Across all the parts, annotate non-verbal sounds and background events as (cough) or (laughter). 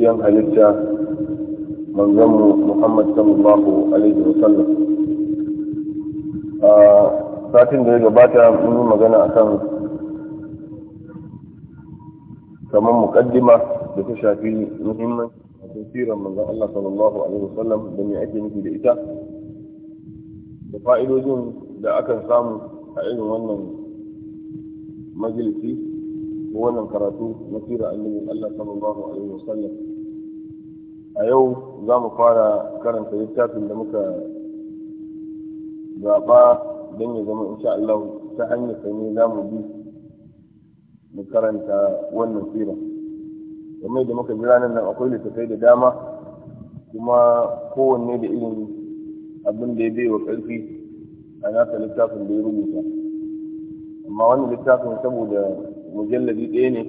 biyan halitta manzanmu muhammad sallallahu alaihi sallam a satin da ya gabata mun yi magana akan kamar mukaddima da ta shafi muhimman a tasirin manzan Allah sallallahu alaihi sallam da ni ake nufi da ita da fa'idojin da akan samu a irin wannan majalisi ko wannan karatu na sirar annabi Allah sallallahu alaihi wasallam a yau za mu fara karanta littafin da muka zaɓa don ya zama insha Allah ta hanyar ne za mu bi mu karanta wannan sira kamar da muka jira nan akwai littattafai da dama kuma kowanne da irin abin da ya bai wa ƙarfi a nasa littafin da ya rubuta amma wannan littafin saboda mujalladi ɗaya ne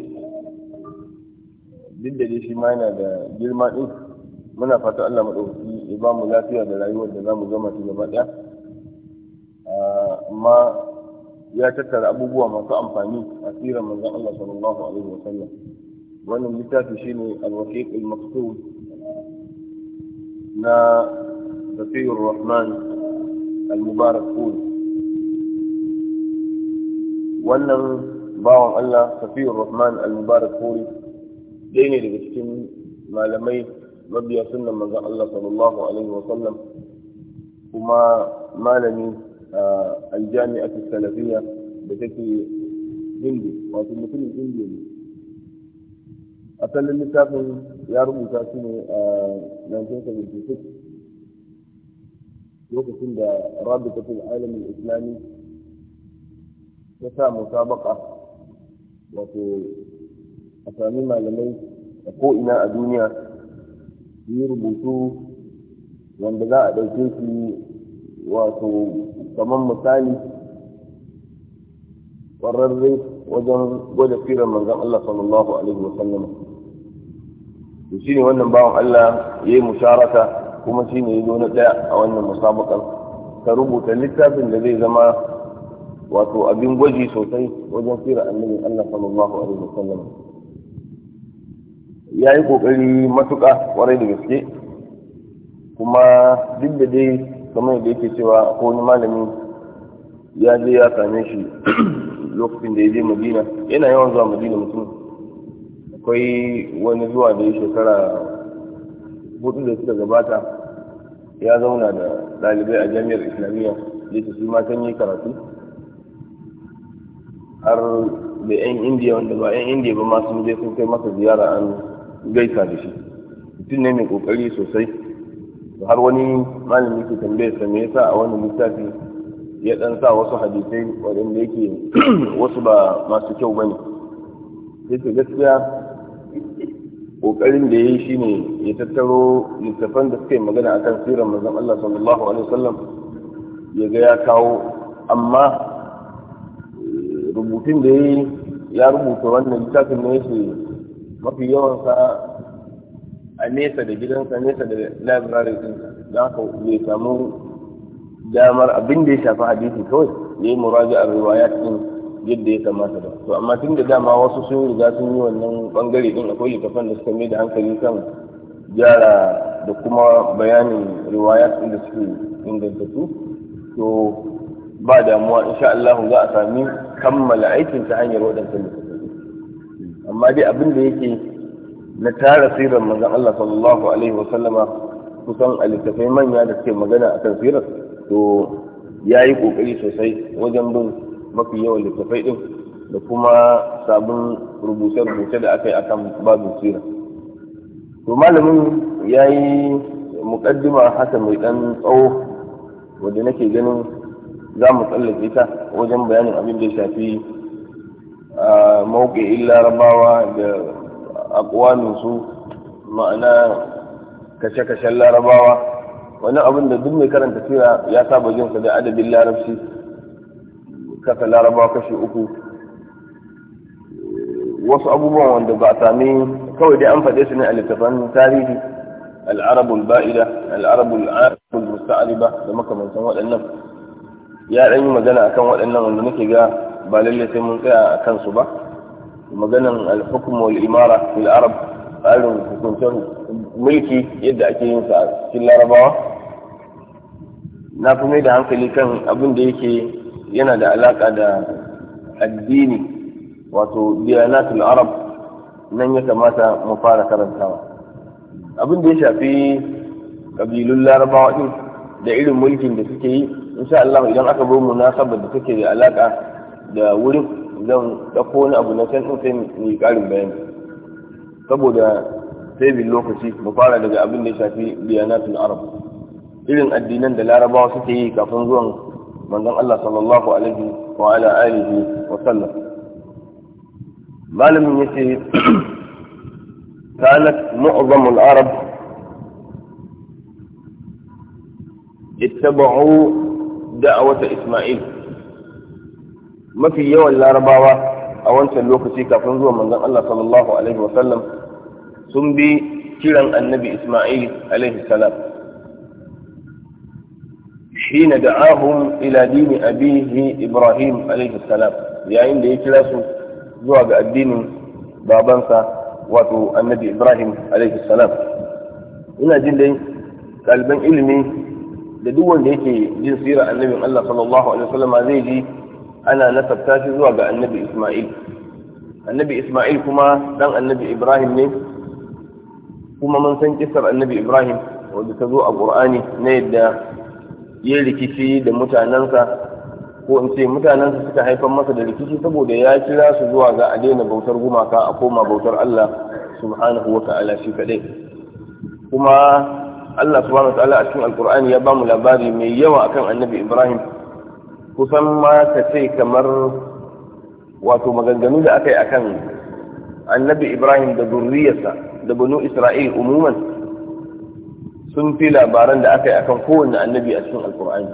duk da shi ma yana da girma ɗin muna fata Allah maɗauki ya ba mu lafiya da rayuwar da za mu gama shi gaba ɗaya amma ya tattara abubuwa masu amfani a tsirar manzon Allah sallallahu alaihi wa sallam wannan littafi shine al-waqiq al-maktub na Tafiyur Rahman al-Mubarak Kul wannan bawan Allah Tafiyur Rahman al-Mubarak Kul ɗaya ne daga cikin malamai mabiya sunan manzon Allah sallallahu alaihi wa sallam kuma malami a aljami'a salafiyya da take hindu wato mutumin indiya ne asalin littafin ya rubuta shi ne a 1976 lokacin da rabitatul alamin islami ta sa musabaka wato a sami malamai a ko'ina a duniya yi rubutu wanda za a ɗauke shi wato kamar misali ƙwararre wajen gwada firar manzan Allah sallallahu alaihi wasallam to shi ne wannan bawan Allah ya yi musharaka kuma shi ne ya zo na ɗaya a wannan musabakar ka rubuta littafin da zai zama wato abin gwaji sosai wajen firar annabin Allah sallallahu alaihi wasallam ya yi ƙoƙari matuƙa kwarai da gaske kuma duk da dai kamar da yake cewa ko wani malami ya je ya same shi (clears throat) lokacin da ya je madina yana yawan zuwa madina mutum akwai wani zuwa da ya shekara hudu da suka gabata ya zauna da ɗalibai a jami'ar islamiyya da su ma kan yi karatu har da 'yan indiya wanda ba 'yan indiya ba masu je sun kai masa ziyara an gaisa da shi mutum ne mai kokari sosai har wani malami ke tambayar sa me yasa a wani littafi ya dan sa wasu hadisai waɗanda yake (clears throat) wasu ba masu kyau bane yake gaskiya kokarin da yayi shine ya tattaro littafan da suka yi magana akan sirar manzon Allah sallallahu alaihi wasallam ya ga ya kawo amma eh, rubutun da yayi ya rubuta wannan littafin ne yake mafi yawansa a nesa da gidansa nesa da library din za haka bai samu damar abin da ya shafi hadisi kawai ya yi muraji a riwaya cikin yadda ya kamata ba to amma tun da dama wasu sun riga sun yi wannan bangare din akwai littafan da suka mai da hankali kan gyara da kuma bayanin riwaya din da suke ingantattu to ba damuwa insha Allah za a sami kammala aikin ta hanyar waɗanda. amma dai abin da yake na tara sirar manzon Allah sallallahu alaihi wa sallama kusan alittafai manya da suke magana akan sirar to ya yi kokari sosai wajen bin mafi yawan littafai din da kuma sabon rubuce-rubuce da aka yi akan babin sirar to malamin ya yi mukaddima haka mai dan tsawo wadda nake ganin za mu tsallake ta wajen bayanin abin da ya shafi mawuƙi larabawa da akwaninsu ma'ana kashe-kashen larabawa wani abin da duk mai karanta sira ya saba jinsa da adadin larabci kasa larabawa kashe uku wasu abubuwan wanda ba a sami kawai dai an faɗe su ne a littafan tarihi al'arabul ba'ida al'arabul musta'ariba da makamantan waɗannan ya ɗan yi magana akan waɗannan wanda nake ga ba lalle sai mun tsaya a kansu ba maganan al-hukm wal imara fil arab tsarin hukuncin mulki yadda ake yin sa a cikin larabawa na fi mai da hankali kan abin da yake yana da alaka da addini wato diyanatul arab nan ya kamata mu fara karantawa abin da ya shafi kabilun larabawa din da irin mulkin da suke yi insha Allah idan aka bar munasaba da take da alaka da wurin zan ɗauko wani abu na can sai mu yi ƙarin bayani saboda sai bin lokaci mu fara daga abin da ya shafi biyanatul arab irin addinan da larabawa suke yi kafin zuwan manzon Allah sallallahu alaihi wa ala alihi wa sallam malamin yace kanat معظم arab ittaba'u دعوة isma'il mafi yawan larabawa a wancan lokaci kafin zuwa manzon Allah sallallahu alaihi wasallam sun bi kiran annabi Isma'il alaihi salam حين دعاهم إلى دين أبيه إبراهيم عليه السلام يعني اللي يكلاسوا زوج الدين بابنسا واتو النبي إبراهيم عليه السلام ina jin dai ɗaliban ilimi da duk wanda yake jin sirar Annabi Allah sallallahu zai ji ana nasabta shi zuwa ga annabi Ismail annabi Ismail kuma dan annabi Ibrahim ne kuma mun san kisar annabi Ibrahim wanda ta zo a Qur'ani na yadda ya rikici da mutanensa ko in ce mutanensa suka haifar masa da rikici saboda ya kira su zuwa ga a daina bautar gumaka a koma bautar Allah subhanahu wa ta'ala shi kadai kuma Allah subhanahu wa ta'ala a cikin alkur'ani ya ba mu labari mai yawa akan annabi Ibrahim kusan ma ka ce kamar wato maganganu da aka yi a kan annabi ibrahim da zurriyarsa da banu isra'il umuman sun fi labaran da aka yi a kan kowanne annabi a cikin alkur'ani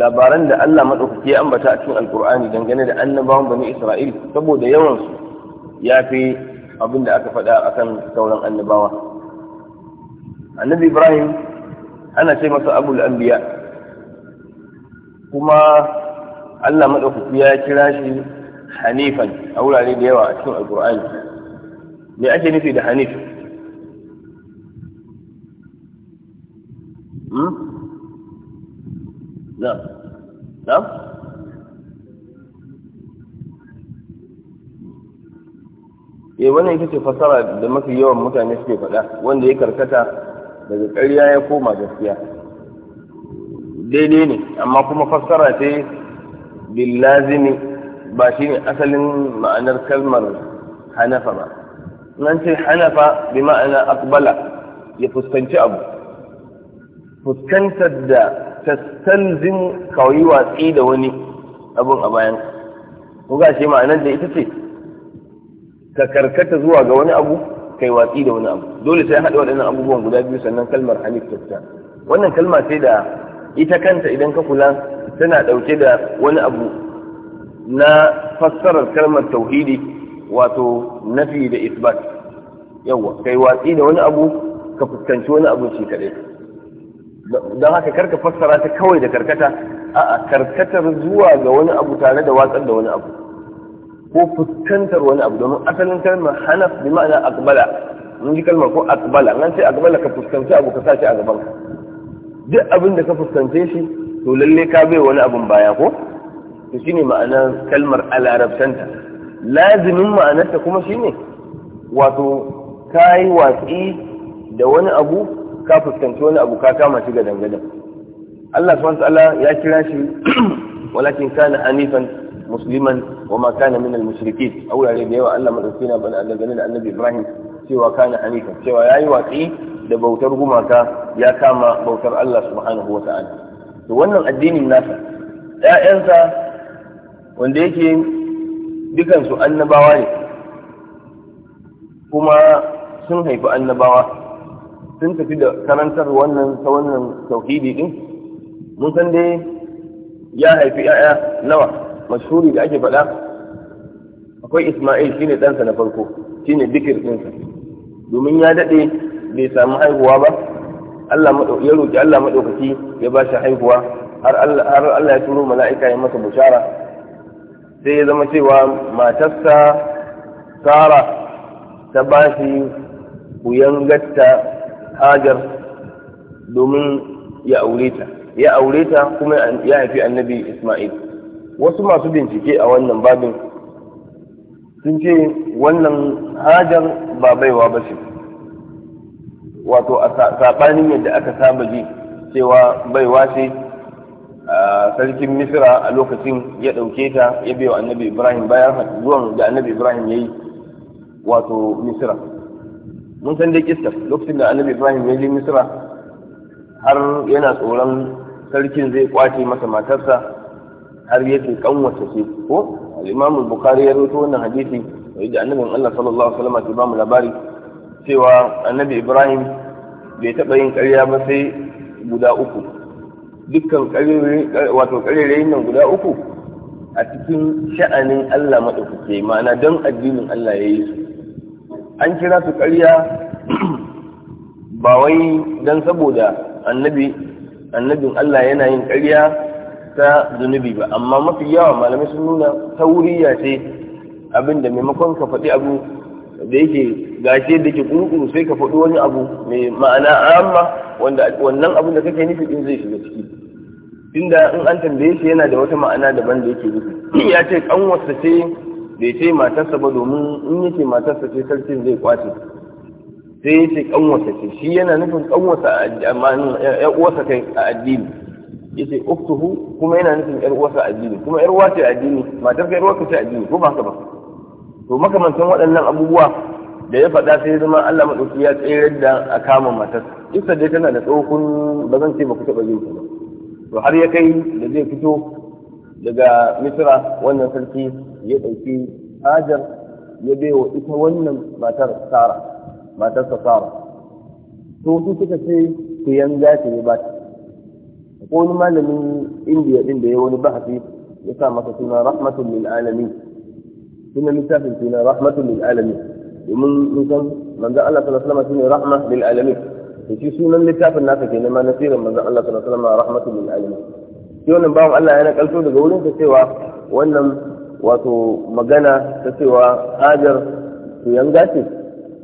labaran da allah maɗaukaki ya ambata a cikin alkur'ani dangane da annabawan banu isra'il saboda yawansu ya fi abin da aka faɗa a kan sauran annabawa annabi ibrahim ana ce masa abul anbiya kuma Allah maɗaukaki ya kira shi hanifan a wurare da yawa a cikin alkur'ani me ake nufi da hanif na hmm? na eh wannan ita ce fasara da mafi yawan mutane suke faɗa wanda ya karkata daga ƙarya ya koma gaskiya daidai ne amma kuma fassara ce billazimi ba shi ne asalin ma'anar kalmar hanafa ba nan ce hanafa bi ma'ana akbala ya fuskanci abu fuskantar da tattalzin kawai watsi da wani abun a bayan ko ga shi ma'anar da ita ce ka karkata zuwa ga wani abu kai watsi da wani abu dole sai haɗa waɗannan abubuwan guda biyu sannan kalmar hanif ta wannan kalma sai da ita kanta idan ka kula tana ɗauke da wani abu na fassarar kalmar tauhidi wato nafi da isbat yawa kai watsi da wani abu ka fuskanci wani abu shi kaɗai don haka karka fassara ta kawai da karkata a'a karkatar zuwa ga wani abu tare da watsar da wani abu ko fuskantar wani abu domin asalin kalmar hanaf bi ma'ana akbala mun ji kalmar ko akbala nan sai akbala ka fuskanci abu ka sa shi a gaban ka duk abin da ka fuskance shi to lalle ka bai wani abin baya ko to shine ma'anar kalmar alarabtanta lazimin ma'anarta kuma shine wato ka yi watsi da wani abu ka fuskanci wani abu ka kama shi ga dangadan Allah subhanahu ta'ala ya kira shi (clears throat) walakin kana hanifan musliman wa ma kana min al-mushrikeen a wurare da yawa Allah madauki na bana dangane da Annabi Ibrahim cewa kana hanifan cewa yayi watsi da bautar gumaka ya kama bautar Allah subhanahu wata'ala to wannan addinin nasa ƴaƴansa wanda yake dukansu annabawa ne kuma sun haifi annabawa sun tafi da karantar wannan ta wannan tauhidi din mun san dai ya haifi ƴaƴa nawa mashhuri da ake faɗa akwai Isma'il shine ɗansa na farko shine dikir ɗinsa domin ya daɗe bai samu haihuwa ba ya roki Allah madaukaki ya ba shi haihuwa har Allah ya turo mala'ika ya masa bushara sai ya zama cewa matarsa Sara ta ba shi kuyan gatta Hajar domin ya aure ta ya aure ta kuma ya haifi annabi Ismail wasu masu bincike a wannan babin sun ce wannan hajar ba baiwa ba ce wato a saɓanin yadda aka saba ji cewa baiwa ce sarkin misira a lokacin ya ɗauke ta ya wa annabi ibrahim bayan zuwan da annabi ibrahim ya yi wato misira mun san dai kista lokacin da annabi ibrahim ya je misira har yana tsoron sarkin zai kwace masa matarsa har yake kanwata ce ko al'imamun bukari ya roto wannan hadisi da annabin Allah sallallahu alaihi wasallam ke ba mu labari cewa annabi ibrahim bai taɓa yin karya ba sai guda uku dukkan wato ƙarerayin nan guda uku a cikin sha'anin allah maɗaukake ma'ana don addinin allah ya yi su an kira su karya (clears throat) ba wai don saboda annabi annabin allah yana yin ƙarya ta zunubi ba amma mafi yawa malamai sun nuna ta wuri ya ce abinda maimakon ka faɗi abu da yake gashi da ke kurkuru sai ka faɗi wani abu mai ma'ana amma wanda wannan abin da kake nufi din zai shiga ciki tunda in an tambaye shi yana da wata ma'ana daban da yake nufi ya ce wasa ce bai ce matarsa ba domin in yake matarsa ce sarkin zai kwace sai ya ce wasa ce shi yana nufin wasa a uwarsa kai a addini ya ce uktuhu kuma yana nufin yar uwarsa a addini kuma yar uwa ce addini matarsa yar uwarsa ce addini ko ba haka ba to makamantan waɗannan abubuwa da ya faɗa sai zama Allah maɗauki ya tsere da a kama matar isa dai tana da tsohon ba zan ce ba ku taɓa ba to har ya kai da zai fito daga misira wannan sarki ya ɗauki hajar ya baiwa ita wannan matar sara sa sara to su suka ce ku yanga ce ne ba ta wani malamin indiya ɗin da ya wani bahasi ya sa masa suna rahmatul lil alamin sunan littafin suna rahmatul lil alamin domin mun san manzon Allah sallallahu alaihi wasallam rahma lil alamin to shi sunan littafin nasa ke ma na sirrin manzon Allah sallallahu alaihi wasallam rahmatul lil alamin shi wannan bawan Allah yana kalto daga wurin sa cewa wannan wato magana ta cewa hajar ku yanga ce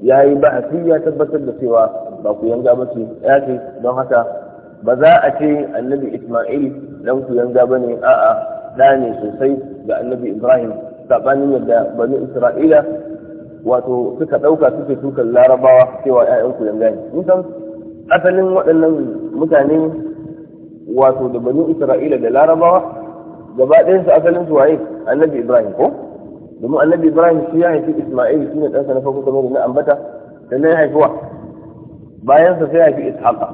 yayi ba'asi ya tabbatar da cewa ba ku yanga ba ce ya ce don haka ba za a ce annabi Isma'il dan ku yanga bane a'a da ne sosai ga annabi Ibrahim sabanin yadda bani isra'ila wato suka ɗauka suke tukan larabawa cewa ‘ya'yanku yanga ne san asalin waɗannan mutane wato da bani isra'ila da larabawa gaba su asalin su waye annabi ibrahim ko domin annabi ibrahim shi ya haifi isma'il shi ne ɗansa na farko kamar na ambata sannan ya haifuwa sa sai ya haifi ishaqa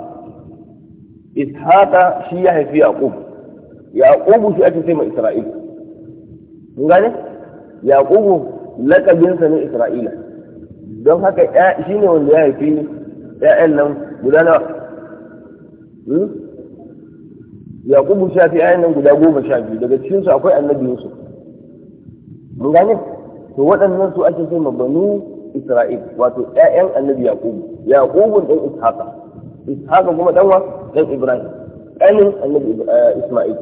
ishaqa shi ya haifi yaqub yaqubu shi ake ce ma isra'il mun gane yaqubu lakabinsa ne isra'ila don haka shi ne wanda ya haifi ‘ya'yan nan guda na hmm? yaqubu sha fi ‘ya'yan nan guda goma sha biyu daga cikinsu akwai annabi yusuf mun gane to waɗannan su ake ce banu isra'il wato ‘ya'yan annabi yaqubu yaqubu ɗan ishaqa ishaqa kuma ɗan wa ɗan ibrahim ƙanin annabi eh, isma'il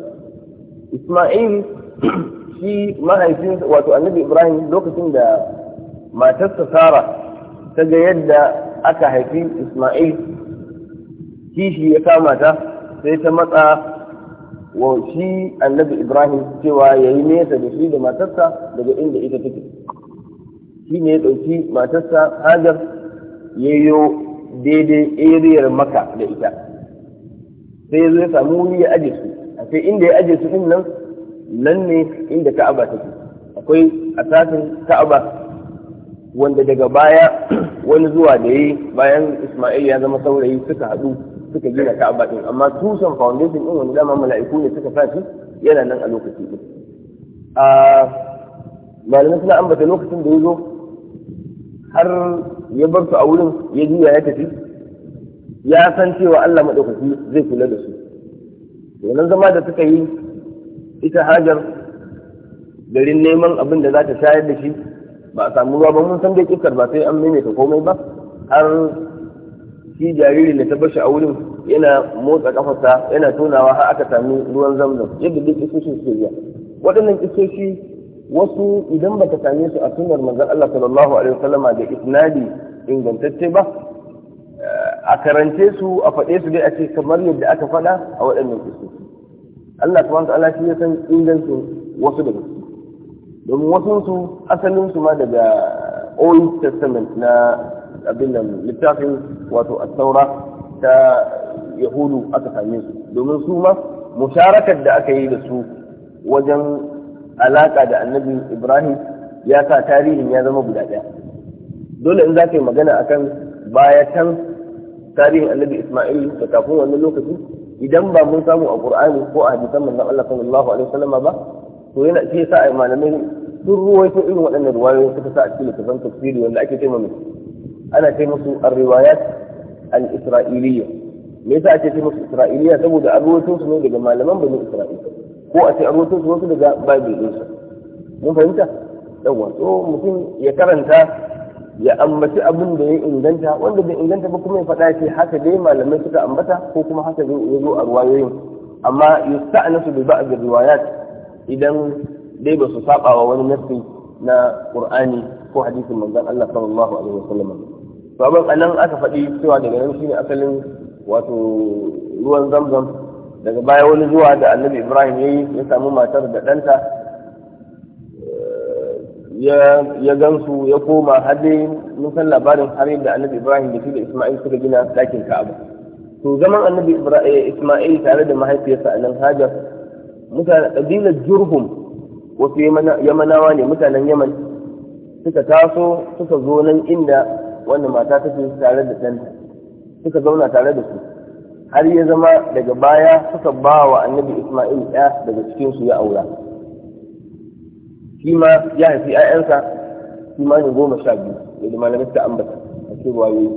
isma'il shi mahaifin wato annabi ibrahim lokacin da matarsa sara ta ga yadda aka haifi isma'il kishi ya kamata sai ta matsa wa shi annabi ibrahim cewa ya yi nesa da shi da matarsa daga inda ita take shi ne ya ɗauki matarsa hajar ya yo daidai ariyar maka da ita sai ya zo ya samu wuri ya aje su a sai inda ya aje su din nan nan ne inda ka'aba take akwai asasin ka'aba wanda daga baya (clears throat) wani zuwa da yi bayan Ismail ya zama saurayi suka haɗu suka gina ka'aba din amma tusan foundation din wanda dama mala'iku ne suka sa yana nan a lokaci din a malamai suna ambata lokacin da ya zo har ya bar su a wurin ya juya ya tafi ya san cewa Allah maɗaukaki zai kula da su wannan zama da suka yi ita hajar garin neman abin da za ta shayar da shi ba a samu ruwa ba mun san dai kiftar ba sai an maimaita komai ba har shi jariri da ta bashi a wurin yana motsa kafarsa yana tonawa har aka sami ruwan zamzam yadda duk iskoshi suke biya waɗannan shi wasu idan ba ta same su a sunar manzon Allah sallallahu alaihi wasallama da isnadi ingantacce ba eh, a karance su a faɗe su dai a ce kamar yadda aka faɗa a waɗannan iskoshi Allah subhanahu ta'ala shi ya san ingancin wasu daga su domin wasu su asalin su ma daga Old Testament na abin nan littafin wato at-Taura ta Yahudu aka same su domin su ma musharakar da aka yi da su wajen alaka da annabi Ibrahim ya sa tarihin ya zama guda ɗaya dole in za ka yi magana akan baya can tarihin annabi Ismail da kafin wannan lokacin idan ba mun samu a qur'ani ko a hadisan manzon Allah sallallahu alaihi wasallam ba to yana shi yasa ai malamai sun ruwaito irin waɗannan ruwayoyi suka sa a cikin littafin tafsiri wanda ake ce musu ana ce musu ar-riwayat al-isra'iliyya me yasa ake ce musu isra'iliyya saboda an ruwaito su ne daga malaman bani isra'ila ko a ce an ruwaito su wasu daga babilonsa mun fahimta yawa to mutum ya karanta ya ambaci abin da ya inganta wanda bai inganta ba kuma ya faɗa shi haka dai malamai suka ambata ko kuma haka zai iya zo a ruwayoyin amma a ba bi gari riwayat idan dai ba su saba wa wani nasi na ƙur'ani ko hadisin manzan Allah sallallahu alaihi wasallam to abin anan aka faɗi cewa daga nan shine asalin wato ruwan zamzam daga baya wani zuwa da annabi Ibrahim ya yi ya samu matar da ɗanta ya gansu ya koma har dai mun labarin harin da annabi ibrahim da shi da isma'il suka gina dakin ka'aba to zaman annabi eh, isma'il tare da mahaifiyarsa a nan hajar mutane kabilar jurhum wasu yamanawa ne mutanen yaman suka taso suka zo nan inda wannan mata take tare da ɗanta suka zauna tare da su har ya zama daga baya suka ba wa annabi isma'il ɗaya daga cikinsu ya aura shi ma ya haifi ‘ya'yansa kimanin goma sha biyu da malamai suka ambata a ce waye?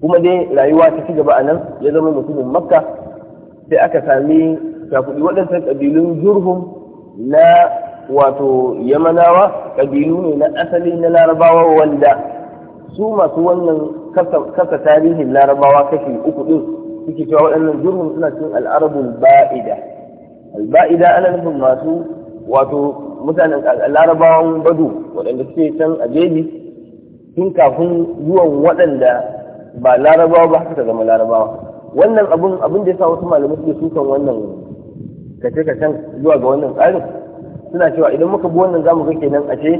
kuma dai rayuwa ta ci gaba a nan ya zama mutumin makka sai aka sami shafuɗi waɗansan ƙabilun jurhum na wato yamanawa ƙabilu ne na asali na larabawa wanda su masu wannan kasa tarihin larabawa kashi uku ɗin suke cewa waɗannan jurhum suna cikin al'arabul ba'ida alba'ida ana nufin masu wato mutanen larabawan badu waɗanda suke can a jeji tun kafin zuwan waɗanda ba larabawa ba haka zama larabawa wannan abun abin da ya sa wasu malamai suke sukan wannan kace-kacen zuwa ga wannan tsarin suna cewa idan muka bi wannan zamu ga kenan ce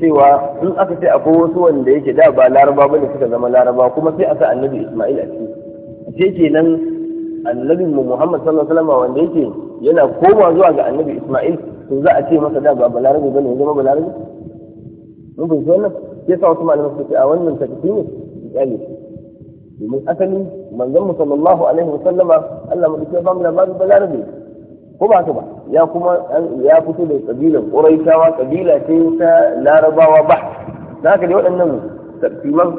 cewa in aka ce akwai wasu wanda yake da ba laraba bane suka zama laraba kuma sai a sa annabi Ismail a ciki ce kenan annabin mu Muhammad sallallahu alaihi wasallam wanda yake yana koma zuwa ga annabi Ismail to za a ce masa da ba balarabe bane ya zama balarabe mun fahimci wannan sai sa wasu malamai suka a wannan tafi ne iyali domin asali manzon mu sallallahu alaihi wa sallama Allah mu dake ba mu labari balarabe ko ba ta ba ya kuma ya fito da kabilar quraishawa kabila ce ta larabawa ba haka dai waɗannan tartiman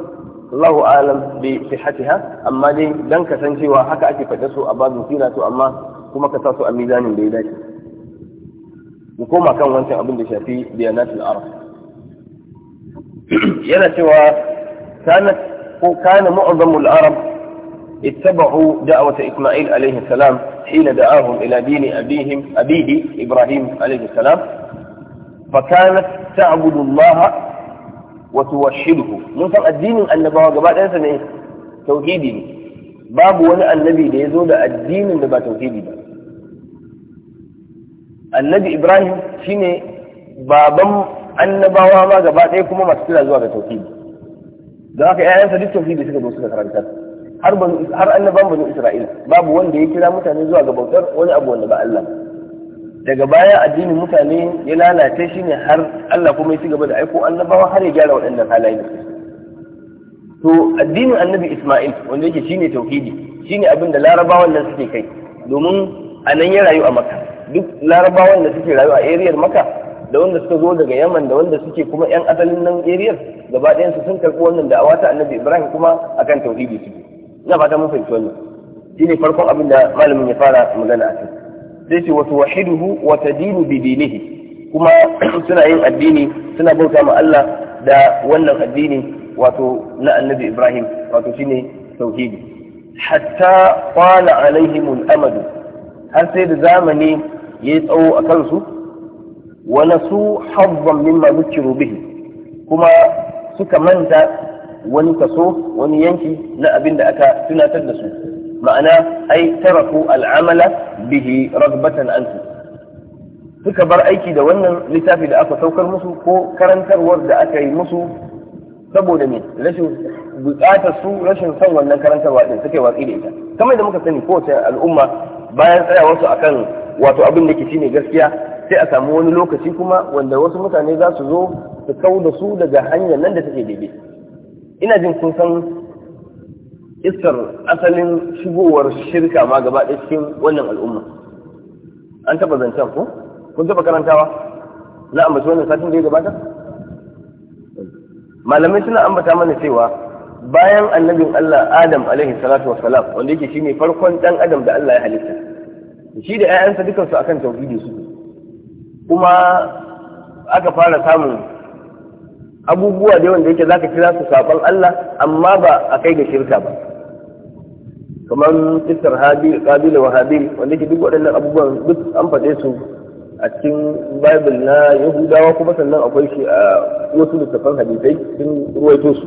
Allahu alam bi sihhatiha amma dai dan kasancewa haka ake faɗa su a babin sira to amma kuma ka sa su a mizanin da dace mu koma kan wancan abin da shafi biyanatul arab yana cewa kanat ko اتبعوا دعوة إسماعيل عليه السلام حين دعاهم إلى دين أبيهم أبيه إبراهيم عليه السلام فكانت تعبد الله وتوحده من سمع الدين أن بواجبات أنسى توحيدي باب ولا النبي ليزود الدين اللي توحيدي annabi ibrahim shine baban annabawa ma gaba ɗaya kuma masu kira zuwa ga tauhidi don haka ƴaƴansa duk tauhidi suka zo suka karantar har har annaban banu isra'ila babu wanda ya kira mutane zuwa ga bautar wani abu wanda ba Allah daga baya addinin mutane ya lalace shine har Allah kuma ya ci gaba da aiko annabawa har ya gyara waɗannan halaye to addinin annabi Isma'il wanda yake shine tauhidi shine abin da larabawan nan suke kai domin a nan ya rayu a Makka duk larabawan da suke rayuwa a ariyar maka da wanda suka zo daga yaman da wanda suke kuma yan asalin nan ariyar gaba ɗayan su sun karɓi wannan da'awa ta annabi ibrahim kuma akan tauhidi su. ina fata mun fahimci wannan shine farkon abin da malamin ya fara magana a kai sai ce wasu wahiduhu wa tadinu bi dinihi kuma (clears throat) suna yin addini suna bauta ma Allah da wannan addini wato na annabi ibrahim wato shine tauhidi hatta qala alaihim al-amadu har sai da zamani ya yi tsawo a kansu wani su hazzan mimma zukiru bihi kuma suka manta wani kaso wani yanki na abin da aka tunatar da su ma'ana ai taraku al'amala bihi ragbatan ansu suka bar aiki da wannan littafi da aka saukar musu ko karantarwar da aka yi musu saboda ne rashin bukatar su rashin son wannan karantarwa din suka yi watsi da ita kamar da muka sani kowace al'umma bayan tsayawarsu akan wato abin da ke shi ne gaskiya sai a samu wani lokaci kuma wanda wasu mutane za su zo su kau da su daga hanyar nan da take daidai ina jin kun san iskar asalin shigowar shirka ma gaba ɗaya cikin wannan al'umma an taɓa zancen ko kun taɓa karantawa na ambaci wannan satin da ya gabata malamai suna ambata mana cewa bayan annabin Allah Adam alaihi salatu wassalam wanda yake shine farkon dan Adam da Allah ya halitta shi da 'ya'yansa dukansu akan tauhidi su kuma aka fara samun abubuwa da wanda da yake zaka kira su saban Allah amma ba a kai ga shirka ba kamar kisar habil kabila wa habil wanda ke duk waɗannan abubuwan duk an faɗe su a cikin bible na yahudawa kuma sannan akwai shi a wasu littattafan hadisai sun ruwaito su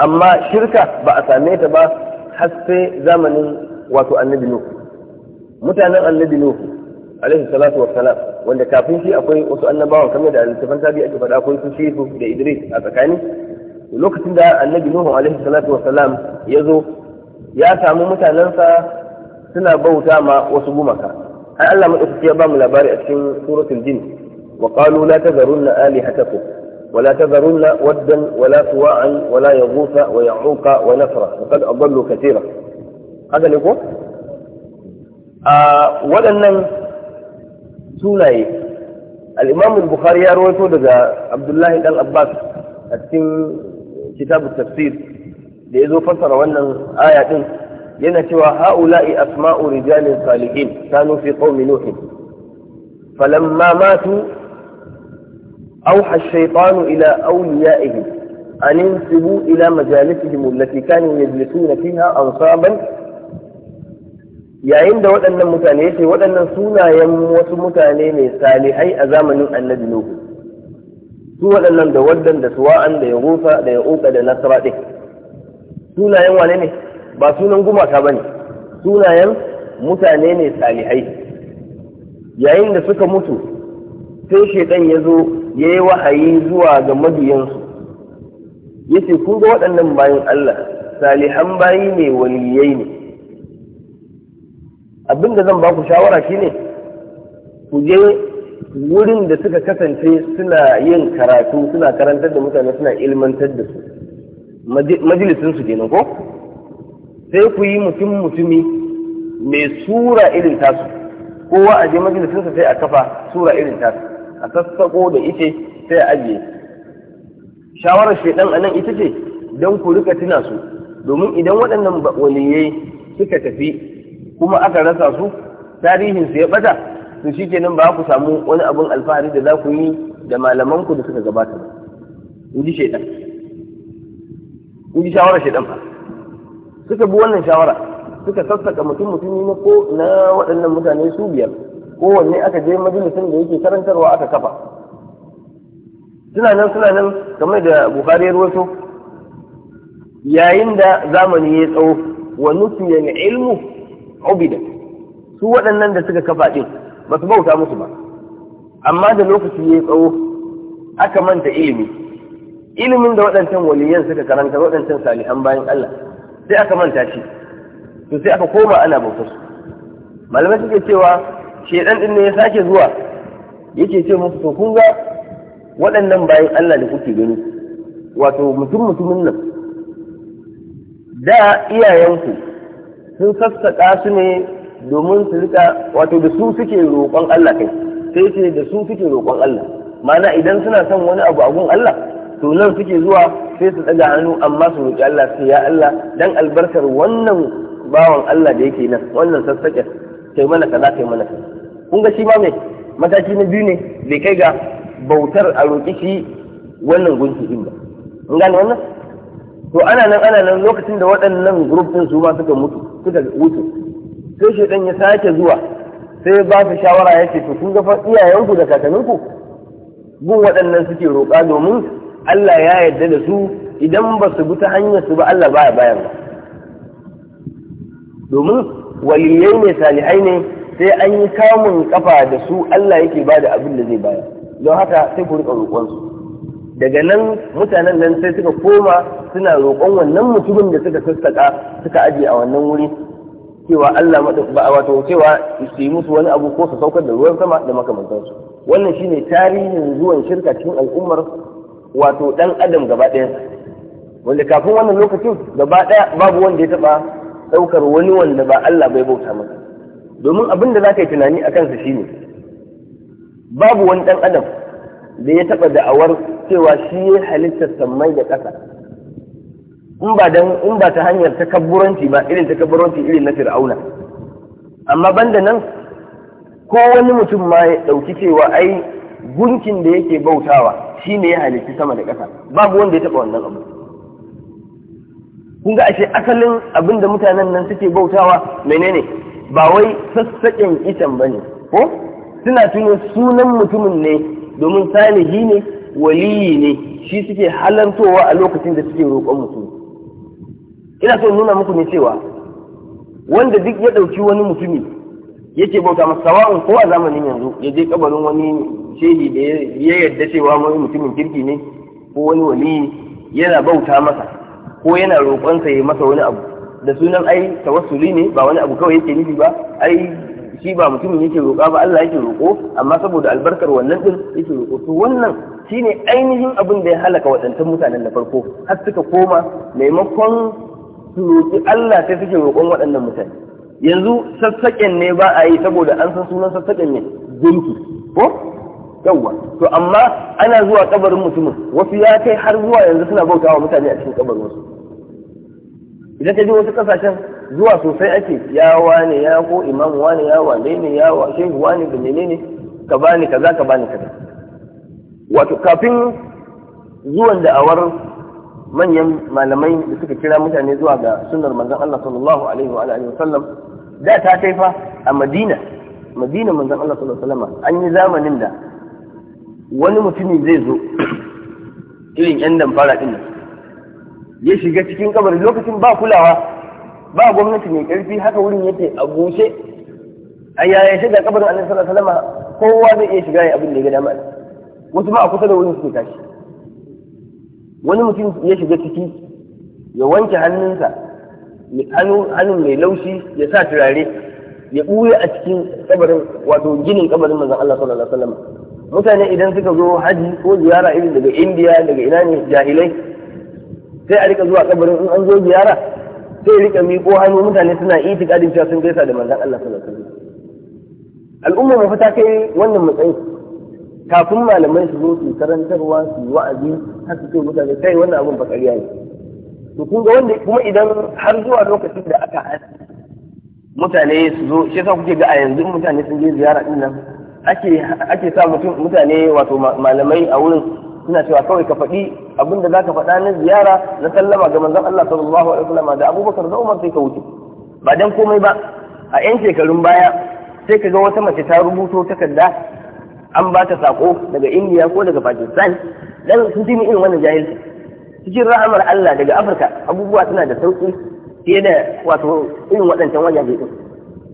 amma shirka ba a same ta ba har sai zamanin wato annabi nuhu mutanen annabi nuhu alaihi salatu wa salam wanda kafin shi akwai wasu annabawan kamar da littafan tabi ake faɗa akwai su shehu da idris a tsakani lokacin da annabi nuhu alaihi salatu wa salam ya zo ya samu mutanensa suna bauta ma wasu gumaka ai Allah madaukaki ya ba mu labari a cikin suratul jin wa qalu la tazarunna alihatakum ولا تذرن ودا ولا سواعا ولا يغوث ويعوق ونفرا وقد أضلوا كثيرا هذا اللي يقول a waɗannan sunaye al’imamu bukhari ya rawaito daga abdullahi ɗan abbas a cikin kitabu tafsir da ya zo fassara wannan aya ɗin yana cewa ha'ula'i asma'u rijalin salihin ta fi qaumi nuhin falamma matu awha ash-shaytanu ila awliya'ihim an insibu ila majalisihim allati kanu yajlisuna fiha ansaban yayin da waɗannan mutane ya ce waɗannan sunayen wasu mutane ne salihai a zamanin annabi nuhu su waɗannan da waddan da suwa'an da ya rufa da ya uka da nasara ɗin sunayen wane ne ba sunan gumaka ba ne sunayen mutane ne salihai yayin da suka mutu sai shaidan ya zo ya yi wahayi zuwa ga mabiyansu ya ce kun ga waɗannan bayan allah salihan bayi ne waliyai ne abin da zan ba ku shawara shine ku je wurin da suka kasance suna yin karatu suna karantar da mutane suna ilmantar da su Majalisun su kenan ko sai ku yi mutum mutumi mai sura irin tasu kowa a je majalisinsa sai a kafa sura irin tasu a sassaƙo da ice sai a ajiye shawarar shaidan anan ita ce don ku rika tuna su domin idan waɗannan waliyai suka tafi kuma aka rasa su tarihin su ya bata to shikenan ba ku samu wani abin alfahari da za ku yi da malaman ku da suka gabata ba in ji shaidan in ji shawara shaidan fa suka bi wannan shawara suka sassaka mutum mutumi na ko na waɗannan mutane su biyar kowanne aka je majalisin da yake karantarwa aka kafa suna nan suna nan kamar da bukari ruwato yayin da zamani ya tsawo wa nufiyan ilmu ubida su waɗannan da suka kafa ɗin ba su bauta musu ba amma da lokaci ya yi tsawo aka manta ilimi ilimin da waɗancan waliyan suka karanta waɗancan salihan bayan Allah sai aka manta shi to sai aka koma ana bautar su malamai suke cewa shedan din ne ya sake zuwa yake ce musu to kun ga waɗannan bayan Allah da kuke gani wato mutum mutumin nan da iyayenku sun sassaƙa su ne domin su rika wato da su suke roƙon Allah kai sai ce da su suke roƙon Allah mana idan suna son wani abu a gun Allah to nan suke zuwa sai su ɗaga hannu amma su roƙi Allah sai ya Allah dan albarkar wannan bawan Allah da yake nan wannan sassaƙen kai mana kaza kai mana kaza kun ga shi ma mai mataki na biyu ne bai kai ga bautar a roƙi shi wannan gunki din ba in gane wannan to ana nan ana nan lokacin da waɗannan group din su ma suka mutu suka wuce sai shedan ya sake zuwa sai ba su shawara ya ce to kun ga fa iyayenku da kakanninku gun waɗannan suke roƙa domin Allah ya yarda da su idan ba su bi ta hanyar su ba Allah baya bayan ba domin waliyai ne salihai ne sai an yi kamun kafa da su Allah yake bada abin da zai bayar don haka sai ku riƙa roƙonsu daga nan mutanen nan sai suka koma suna roƙon wannan mutumin da suka sassaƙa suka aje a wannan wuri cewa Allah ba wato cewa su yi musu wani abu ko su saukar da ruwan sama da makamantansu wannan shine tarihin zuwan shirka cikin al'ummar wato dan adam gaba ɗaya wanda kafin wannan lokacin gaba ɗaya babu wanda ya taɓa ɗaukar wani wanda ba Allah bai bauta masa domin abin da za ka yi tunani a kansa shine babu wani ɗan adam da ya taɓa da'awar cewa shi ya halitta sammai da ƙasa in ba dan in ba ta hanyar takabburanci ba irin takabburanci irin na fir'auna amma banda nan ko wani mutum ma ya ɗauki cewa ai gunkin da yake bautawa shi ya halitta sama da ƙasa babu wanda ya taɓa wannan abu kun ga ashe asalin abin da mutanen nan suke bautawa menene ba wai sassaƙen itan ba ne ko suna tuno sunan mutumin ne domin salihi ne waliyi ne shi suke halartowa a lokacin da suke roƙon mutum ina so nuna muku ne cewa wanda duk ya ɗauki wani mutumi yake bauta masa sawa'un ko a zamanin yanzu ya je kabarin wani shehi da ya yarda cewa wani mutumin kirki ne ko wani wali yana bauta masa ko yana roƙonsa ya masa wani abu da sunan ai tawassuli ne ba wani abu kawai yake nufi ba ai shi ba mutumin yake roƙa ba Allah yake roƙo amma saboda albarkar wannan din yake roƙo to wannan shine ainihin abin da ya halaka waɗancan mutanen na farko har suka koma maimakon su roƙi Allah sai suke roƙon waɗannan mutane yanzu sassaƙen ne ba a yi saboda an san sunan sassaƙen ne gunki ko yawwa to amma ana zuwa kabarin mutumin wasu ya kai har zuwa yanzu suna bautawa mutane a cikin kabarin wasu idan ka je wasu kasashen zuwa sosai ake ya wane ya ko imam wane ya wane ne ya wa shehu wane da menene ka bani kaza ka bani kaza wato kafin zuwan da'awar manyan malamai da suka kira mutane zuwa ga sunnar manzon Allah sallallahu alaihi wa alihi wasallam da ta taifa a Madina Madina manzon Allah sallallahu alaihi wasallam an yi zamanin da wani mutumi zai zo (clears throat) irin yan damfara din ya shiga cikin kabarin lokacin ba kulawa ba gwamnati mai karfi haka wurin yake a bushe a yaya shiga kabarin annabi sallallahu alaihi wasallam kowa zai iya shiga ya abin da ya ga dama wasu ma a kusa da wurin suke tashi wani mutum ya shiga ciki ya wanke hannunsa hannun mai laushi ya sa turare ya ɓuya a cikin kabarin wato ginin kabarin manzon Allah sallallahu alaihi wasallam mutane idan suka zo haji ko ziyara irin daga Indiya daga ina ne jahilai sai a rika zuwa kabarin in an zo ziyara sai rika miƙo hannu mutane suna itikadin cewa sun gaisa da manzon Allah sallallahu alaihi wasallam al'umma mu fata kai wannan matsayi kafin malamai su zo su karantarwa su wa'azi har su ce mutane kai wannan abun ba ƙarya ne to kun ga wanda kuma idan har zuwa lokacin da aka mutane su zo shi yasa kuke ga a yanzu mutane sun je ziyara din nan ake ake sa mutum mutane wato malamai a wurin suna cewa kawai ka faɗi abin da ka faɗa na ziyara na sallama ga manzon Allah sallallahu alaihi wasallam da Abubakar da Umar sai ka wuce ba dan komai ba a yan shekarun baya sai ka ga wata mace ta rubuto takarda an ba ta sako daga Indiya ko daga Pakistan dan sun tini irin wannan jahilci cikin rahamar Allah daga Afirka abubuwa suna da sauki fiye da wato irin waɗancan wajaje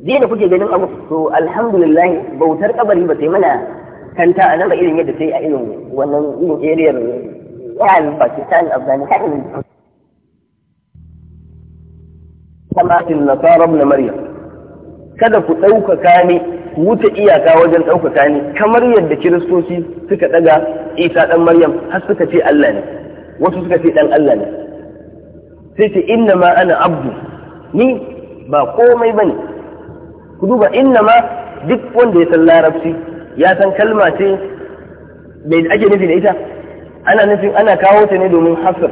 din da kuke ganin abu to alhamdulillah bautar kabari ba sai mana kanta a nan irin yadda sai yi a irin wannan irin ariyar yaran pakistan afghanistan kama fil nasara na maryam kada ku ɗaukaka ni ku wuce iyaka wajen ɗaukaka ni kamar yadda kiristoci suka ɗaga isa ɗan maryam har suka ce allah ne wasu suka ce ɗan allah ne sai ce inna ma ana abdu ni ba komai ba ne. ku duba inna ma duk wanda ya san larabci ya san kalma ce mai ake nufi da ita ana nufin ana kawo ta ne domin hasr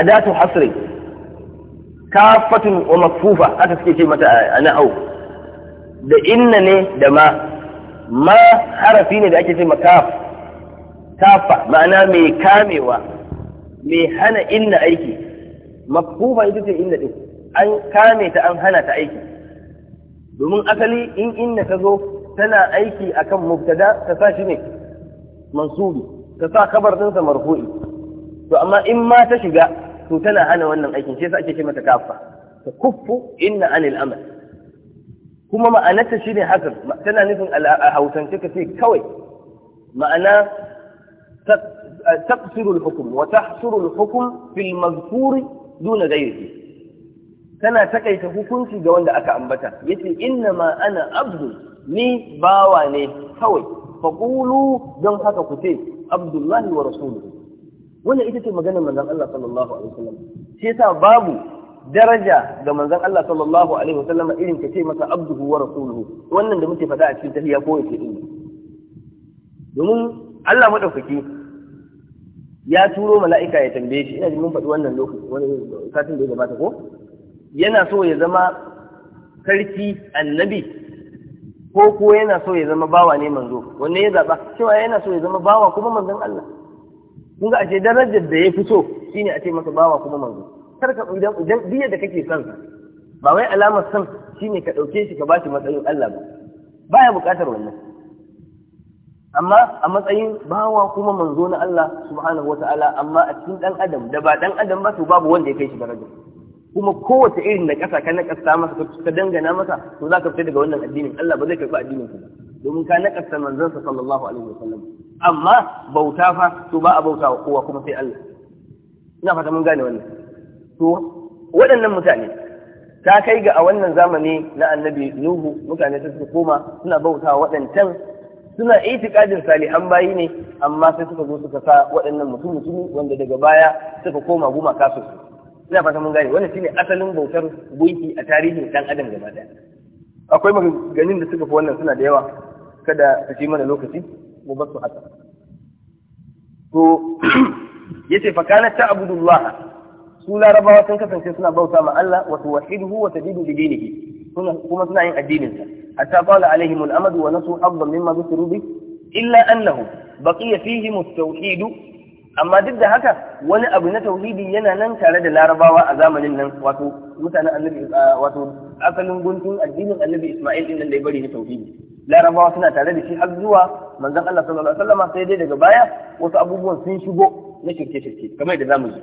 adatu hasri kafatun wa makfufa aka suke ce mata a na'au da inna ne da ma ma harafi ne da ake ce makaf kafa ma'ana mai kamewa mai hana inna aiki makfufa ita ce inna ɗin an kame ta an hana ta aiki domin asali in inna ta zo tana aiki akan mubtada ta sa shi ne mansubi ta sa kabar ɗinsa marfu'i to amma in ma ta shiga to tana hana wannan aikin shi yasa ake ce mata kafa ta kuffu inna anil amal kuma ma'anarta shi ne hakan tana nufin a hausance ka ce kawai ma'ana تقصر الحكم وتحصر الحكم في المذكور دون غيره tana takaita hukunci ga wanda aka ambata yace innama ana abdu ni bawa ne kawai faqulu don haka ku ce abdullahi wa rasuluhu wannan ita ce maganar manzon Allah sallallahu alaihi wasallam shi yasa babu daraja ga manzon Allah sallallahu alaihi wasallam irin ka ce masa abduhu wa rasuluhu wannan da muke faɗa a cikin tahiyya ko yake inda domin Allah madaukaki ya turo mala'ika ya tambaye shi ina jin faɗi wannan lokaci wani satin da ya gabata ko yana so ya zama sarki annabi ko ko yana so ya zama bawa ne manzo wanne ya zaba cewa yana so ya zama bawa kuma manzon Allah kun ga ashe darajar da ya fi so shine a ce masa bawa kuma manzo kar ka idan idan biyar da kake son ba wai alamar son shine ka dauke shi ka bashi matsayin Allah ba baya bukatar wannan amma a matsayin bawa kuma manzo na Allah subhanahu wataala amma a cikin dan adam da ba dan adam ba to babu wanda ya kai shi darajar. kuma kowace irin da ƙasa ka naƙasta masa ka dangana masa to za ka fita daga wannan addinin Allah ba zai karɓi addinin ka domin ka naƙasta sa, sallallahu alaihi wasallam amma bauta fa to ba a bauta wa kowa kuma sai Allah ina fata mun gane wannan to waɗannan mutane ta kai ga a wannan zamani na annabi nuhu mutane sai suka koma suna bauta waɗancan suna itikadin salihan bayi ne amma sai suka zo suka sa waɗannan mutum mutumi wanda daga baya suka koma gumaka sosai ina fata mun gane wannan shine asalin bautar gunki a tarihin dan adam gaba daya akwai maganganun da suka fi wannan suna da yawa kada su ci mana lokaci mu bar su haka to (clears throat) yace fa kana ta'budullah su larabawa sun kasance suna bauta ma Allah wa tuwahhiduhu wa tadidu bi dinihi kuma suna yin addinin sa hatta qala alaihim al-amadu wa nasu afdal mimma dhukiru bi illa annahu baqiya fihi mustawhidu amma duk da haka wani abu na tauhidi yana nan tare da larabawa a zamanin nan wato mutanen annabi wato asalin guntun addinin annabi Isma'il din nan da ya bari na tauhidi larabawa suna tare da shi har zuwa manzon Allah sallallahu alaihi wasallam sai dai daga baya wasu abubuwan sun shigo na shirke-shirke kamar da zamu ji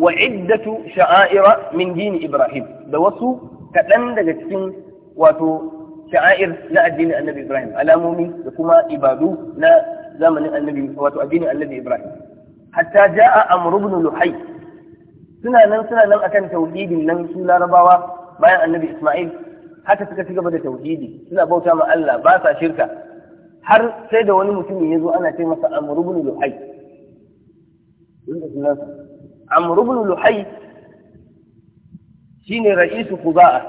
wa iddatu sha'aira min dini Ibrahim da wasu kaɗan daga cikin wato sha'air na addinin annabi Ibrahim alamomi da kuma ibadu na zamanin annabi wato addinin annabi Ibrahim hatta ja'a amr ibn luhay suna nan suna nan akan tauhidin nan su larabawa bayan annabi Isma'il haka suka ci gaba da tauhidi suna bauta ma Allah ba sa shirka har sai da wani mutum ya zo ana ce masa amr ibn luhay amr ibn luhay shine ra'isu Kuza'a,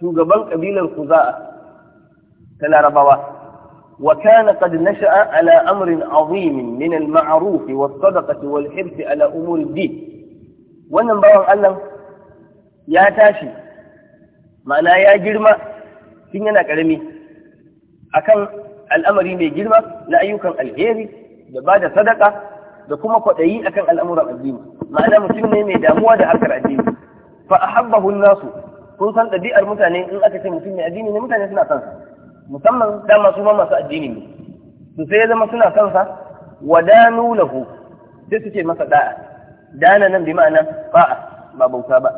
shugaban kabilar Kuza'a ta larabawa وكان قد نشأ على أمر عظيم من المعروف والصدقة والحرص على أمور الدين wannan bawan Allah ya tashi ma'ana ya girma tun yana ƙarami akan al'amari mai girma na ayyukan alheri da ba da sadaka da kuma kwaɗayi akan al'amuran addini ma'ana mutum ne mai damuwa da harkar addini fa ahabbahu nasu kun san ɗabi'ar mutane in aka ce mutum mai addini ne mutane suna son sa musamman dama su masu addini ne sai ya zama suna kansa wadanu lahu sai suke masa da'a dana nan bi ma'ana ba'a ba bauta ba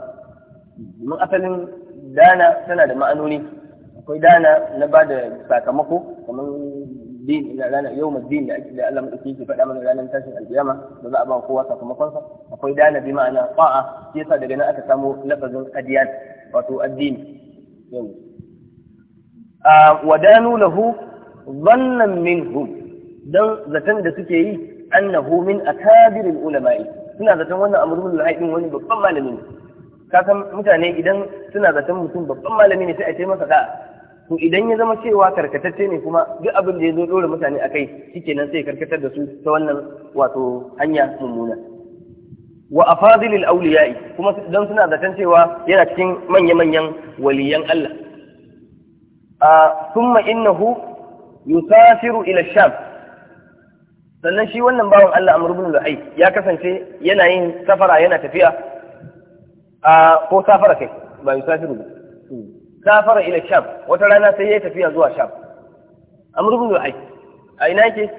domin asalin dana tana da ma'anoni akwai dana na ba da sakamako kamar din ranar yau din da ake da Allah madauki yake faɗa mana ranar tashin alkiyama da za a ba kowa sakamakonsa akwai dana bi ma'ana yasa daga nan aka samu lafazin adiyan wato addini yau wadanu lahu zannan minhum dan zaton da suke yi annahu min akabiril ulama'i suna zaton wannan amrul haidin wani babban malami ne kasan mutane idan suna zaton mutum babban malami ne sai a ce masa da'a to idan ya zama cewa karkatacce ne kuma duk abin da ya zo dora mutane a kai shikenan sai karkatar da su ta wannan wato hanya mummuna wa afadilil awliya'i kuma dan suna zaton cewa yana cikin manya-manyan waliyan Allah thumma innahu yusafiru ila sham sannan shi wannan bawan Allah Amr ibn Lu'ay ya kasance yana yin safara yana tafiya a ko safara kai ba yusafiru ba safara ila sham wata rana sai ya tafiya zuwa sham Amr ibn Lu'ay a ina yake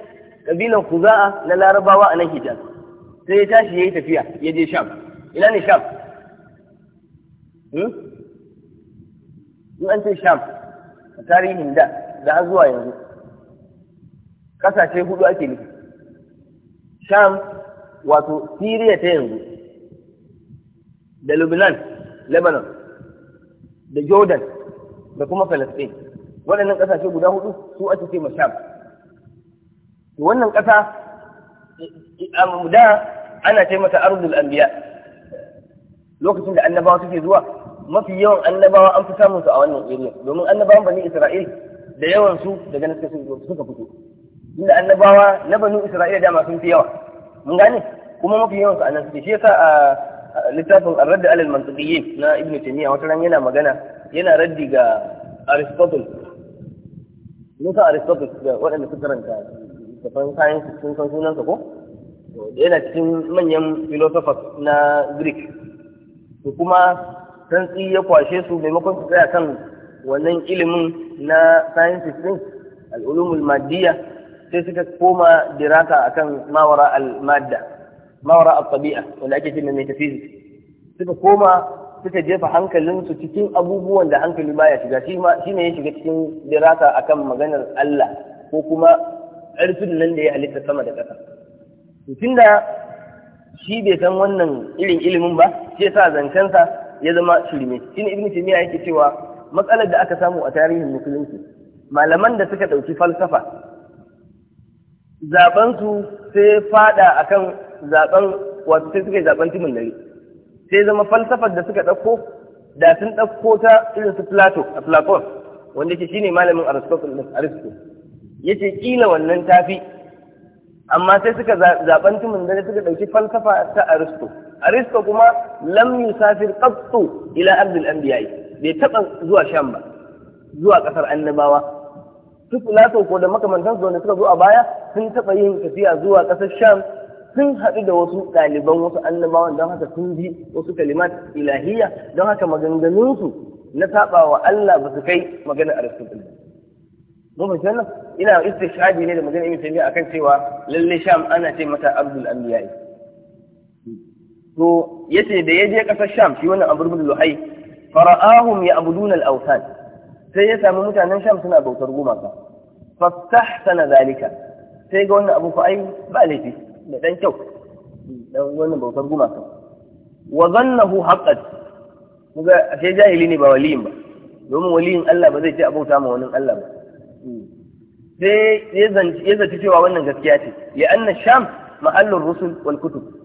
kabilan Kuza'a na Larabawa a nan Hijaz sai ya tashi ya yi tafiya ya je sham ina ne sham in an ce sham a tarihin da da har zuwa yanzu kasashe hudu ake nufi sham wato siriya ta yanzu da lebanon lebanon da jordan da kuma palestine waɗannan ƙasashe guda hudu su ake ce sham wannan ƙasa da ana ce mata ardul anbiya lokacin da annabawa suke zuwa mafi yawan annabawa an fi samun su a wannan area domin annabawan bani Isra'il da yawan su daga nan suka fito inda annabawa na bani Isra'il dama sun fi yawa mun gane kuma mafi yawan su a nan suke shi yasa a littafin ar-radd alal mantiqiyyin na ibnu taymiya wata ran yana magana yana raddi ga aristotle mun san aristotle da waɗanda suka karanta littafin science sun san sunansa ko yana cikin manyan philosophers na greek to kuma santsi ya kwashe su maimakon su tsaya kan wannan ilimin na sciences din al'ulumul madiyya sai suka koma diraka akan mawara al-madda mawara al-tabi'a wanda ake cewa metaphysics suka koma suka jefa hankalinsu cikin abubuwan da hankali baya shiga shi ne ya shiga cikin diraka akan maganar Allah ko kuma ƙarfin nan da ya halitta sama da ƙasa tun da shi bai san wannan irin ilimin ba shi sa zancensa ya zama shirme shine ibn taymiya yake cewa matsalar da aka samu a tarihin musulunci malaman da suka ɗauki falsafa zaɓensu sai fada akan zaɓen wato sai suka yi zaɓen timin dare sai zama falsafar da suka ɗauko da sun ɗauko ta irin su plato a plato wanda ke shine malamin aristotle din aristo yace kila wannan tafi amma sai suka zaɓen timin dare suka ɗauki falsafa ta aristo arisko kuma lam yusafir qattu ila al anbiya'i bai taba zuwa sham ba zuwa kasar annabawa su filato ko da makamantan su ne suka zo a baya sun taba yin tafiya zuwa kasar sham sun haɗu da wasu ɗaliban wasu Annabawa don haka sun bi wasu kalimat ilahiyya don haka maganganunsu na saba wa Allah ba su kai maganar aristotle mun fahimci wannan ina shadi ne da maganar ibn taymiya akan cewa lalle sham ana ce mata abdul anbiya'i to yace da ya je kasar sham shi wannan abu bin luhai fara'ahum ya'buduna al-awthan sai ya samu mutanen sham suna bautar gumaka fastahsana zalika sai ga wannan abu fa ai ba laifi da dan kyau dan wannan bautar gumaka wa zannahu haqqan muga ashe jahili ne ba waliyin ba domin waliyin Allah ba zai ce abauta ma wani Allah ba sai ya zaci cewa wannan gaskiya ce ya anna sham ma'allur rusul wal kutub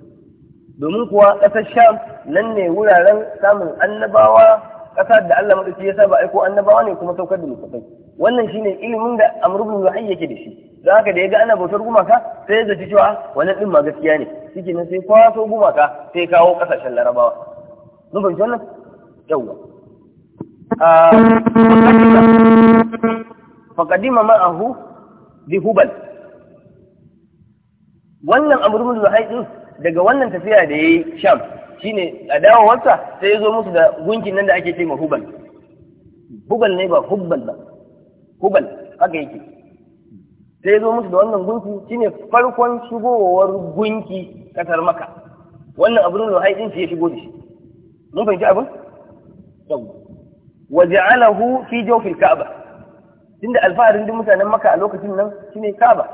domin kuwa ƙasar sham nan ne wuraren samun annabawa ƙasar da Allah maɗauki ya saba aiko annabawa ne kuma saukar da littafai wannan shine ilimin da Amr ibn yake da shi da haka da ya ga ana bautar gumaka sai ya zaci cewa ah, wannan ɗin ma gaskiya ne shike nan sai kwaso gumaka sai kawo ƙasashen Larabawa mun fahimci wannan yawa ah, faƙadima ma'ahu bi hubal wannan Amr ibn din daga wannan tafiya da ya yi sham shi ne a dawowarsa sai ya zo musu da gunkin nan da ake ce ma hubal hubal ne ba hubal ba hubal haka yake sai ya zo musu da wannan gunki shine farkon shigowar gunki kasar maka wannan abin da haidin shi ya shigo da shi mun fahimci abin wa ja'alahu fi jawfil ka'ba tunda alfaharin duk mutanen maka a lokacin nan shine ka'ba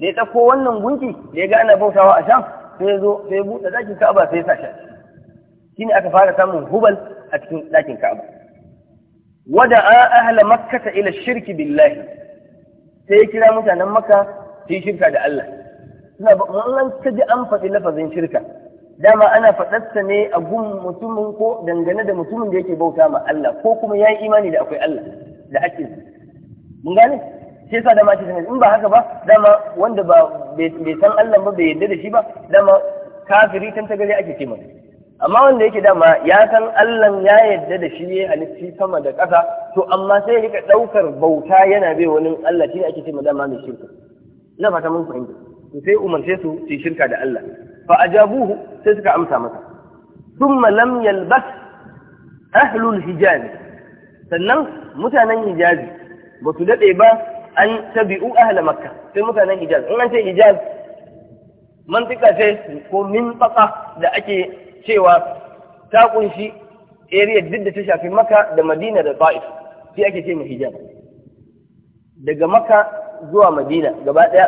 da ya ɗauko wannan gunki da ya ga ana bautawa a sham sai zo sai buɗe ɗakin ka'aba sai sa shi ne aka fara samun hubal a cikin ɗakin ka'aba wada'a ahla makkata ila shirki billahi sai ya kira mutanen makka su yi shirka da Allah suna ba ka ji an faɗi lafazin shirka dama ana faɗarsa ne a gun mutumin ko dangane da mutumin da yake bauta ma Allah ko kuma ya yi imani da akwai Allah da ake mun gane shi yasa dama ce in ba haka ba dama wanda ba bai san Allah ba bai yarda da shi ba dama kafiri tan ta gari ake ce masa amma wanda yake dama ya san Allah ya yarda da shi ya halitti sama da ƙasa to amma sai ya rika ɗaukar bauta yana bai wani Allah shi ne ake ce dama mai shirka ina fata mun fahimta to sai umarce su su shirka da Allah fa ajabuhu sai suka amsa masa thumma lam yalbas ahlul hijaz sannan mutanen hijazi ba su daɗe ba an tabi'u ahla makka sai mutanen hijaz in an ce hijaz mantika ce ko min minfaka da ake cewa ta kunshi area duk da ta shafi makka da madina da ta'if sai ake ce hijaz daga makka zuwa madina gaba daya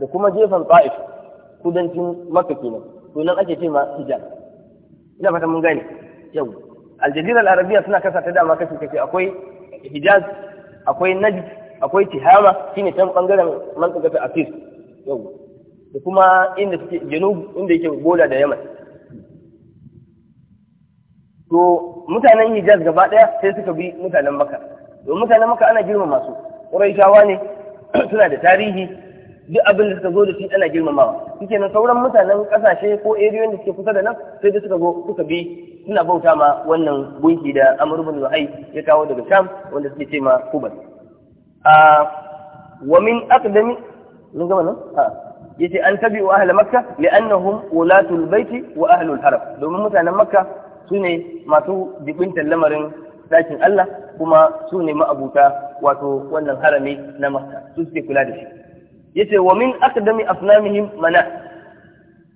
da kuma jefan ta'if kudancin makka kenan to nan ake ce ma hijaz ina fata mun gane yau aljazira al-arabiya suna kasa ta dama kashi kashi akwai hijaz akwai najd akwai tihama shine can bangaren mantakata afis yau da kuma inda suke Janubu inda yake bola da yaman to mutanen hijaz gaba daya sai suka bi mutanen maka to mutanen maka ana girmama su ƙuraishawa ne (clears throat) suna da tarihi duk abin da suka zo da shi ana girmamawa suke nan sauran mutanen ƙasashe ko eriyoyin da suke kusa da nan sai da suka zo suka bi suna bauta ma wannan gunki da amur Zuhai, ya kawo daga sham wanda suke ce ma kubas Wa min aka dami. In gama nan? Aa. an tabi wa Makka, mai ulatul Wulatulbaici wa ahlol harab Domin mutanen Makka su masu jikinta lamarin sakin Allah, kuma su ne ma'abota wato wannan harami na Makka. Sun ce kula da shi. Ya ce wa min aka dami mana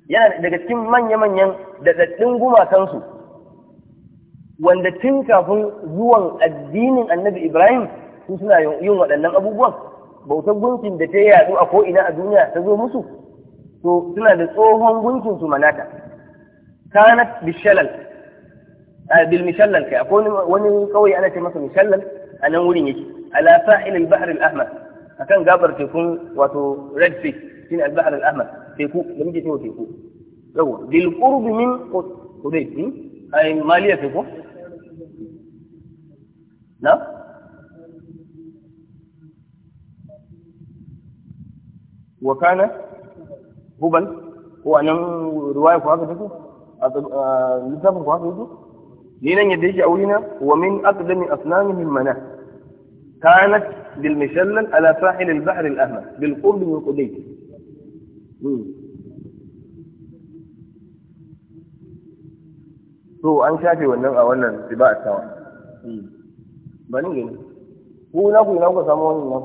ya daga cikin manya-manyan daɗaɗɗun gumakan su? Wanda tun kafin zuwan addinin Annabi Ibrahim? su suna yin waɗannan abubuwan bautar gunkin da ta yi yaɗu a ko'ina a duniya ta zo musu to suna da tsohon gunkin su manata kanat bishalal bil mishallal kai akwai wani kawai ana ce masa mishallal a nan wurin yake ala sahil al bahr al ahmar akan gabar tekun wato red sea shine al bahr al ahmar teku da muke cewa teku yawa bil qurb min qudayt hmm? ay maliya teku na وكان هبل هو أنا رواية فاقدته آه، لسبب فاقدته لين يدج أولنا ومن أقدم أصنامه المنا كانت بالمشلل على ساحل البحر الأحمر بالقرب من القديم هو أن شافي ونن أولا سباع سوا بني هو نقول نقول سموه الناس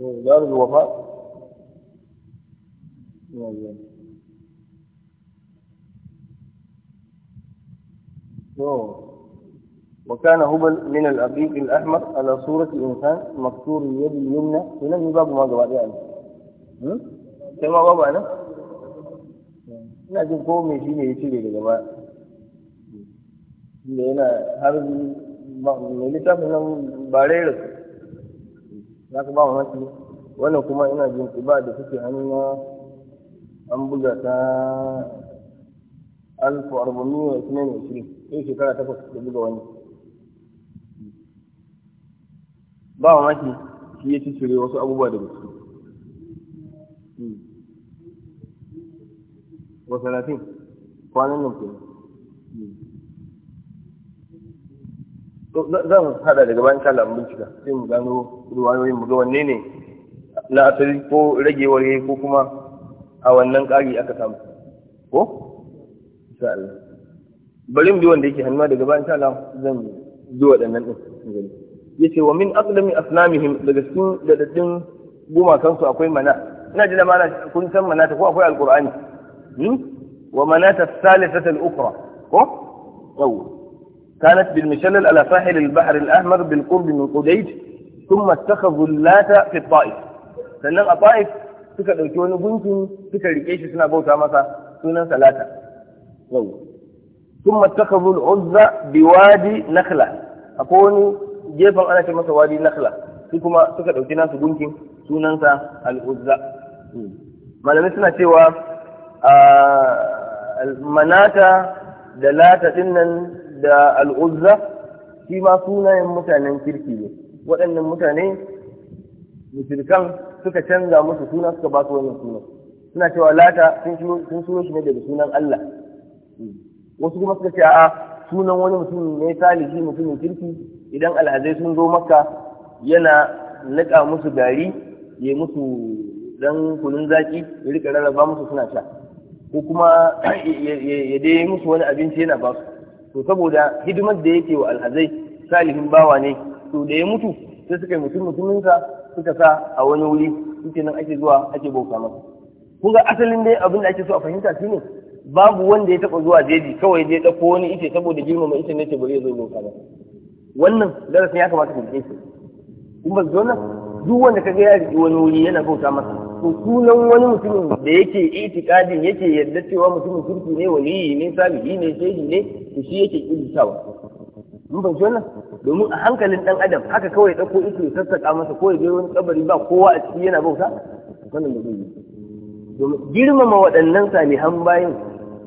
دار الوفاء وكان هبل من الأبيض الأحمر على صورة إنسان مكسور اليد اليمنى هنا باب ما قبل يعني كما بابا أنا لكن قومي شيء يشيل يا جماعة لأن هذا ملتا من باريرس za ka ba wa maki wannan kuma ina jin ba da suke hannuna an buga ta alfu arba'in wa ismail ishirin sai shekara takwas da buga wani ba wa maki shi ya cicire wasu abubuwa da gaske wasu latin kwanan nan kuma zan hada daga bayan kala an bincika sai mu gano ruwayoyin mu ga wanne ne na asali ko ragewar yayi ko kuma a wannan ƙari aka samu ko insha Allah bari mu bi wanda yake hannuwa daga bayan kala zan bi waɗannan din yace wa min aqdami asnamihim daga cikin dadaddin gumakansu akwai mana ina ji da mana kun san mana ta ko akwai alqur'ani hmm? wa manata thalithata al-ukhra ko yawwa كانت بالمشلل على ساحل البحر الأحمر بالقرب من قديش ثم اتخذوا اللات في الطائف sannan الطائف ta'if suka ɗauki wani gunkin suka rike shi suna bauta masa ثم اتخذوا العزى بوادي نخلة أكون جيفا أنا كما وادي نخلة سيكما سكت أو تناس بنكين سننسى العزة ما لم يسمع سوى آه، المناتا دلاتا إنن da al'uzza shi ma sunayen mutanen kirki ne waɗannan mutane musulkan suka canza musu suna suka ba su wannan sunan suna cewa lata sun suno shi ne daga sunan Allah wasu kuma suka ce a'a sunan wani mutum ne salihi mutumin kirki idan alhazai sun zo maka yana niƙa musu gari ya musu dan kunun zaki ya rika rarraba musu suna sha ko kuma ya dai musu wani abinci yana ba su to saboda hidimar da yake wa alhazai salihin bawa ne to da ya mutu sai suka yi mutum mutuminsa suka sa a wani wuri suke nan ake zuwa ake bauta masa kun ga asalin dai abin da ake so a fahimta ne babu wanda ya taba zuwa jeji kawai zai ɗauko wani ice saboda girmama ice ne ce bari ya zo bauta masa wannan darasin ya kamata ku rike shi kun ba zo nan duk wanda kaga ya da wani wuri yana bauta masa to sunan wani mutumin da yake itikadin yake yarda cewa mutumin kirki ne waliyi ne salihi ne shehi ne to shi yake kirkitawa mun fahimci wannan domin a hankalin dan adam haka kawai dauko iko ya sassaka masa ko ya je wani kabari ba kowa a ciki yana bauta wannan da zai yi domin girmama waɗannan salihan bayan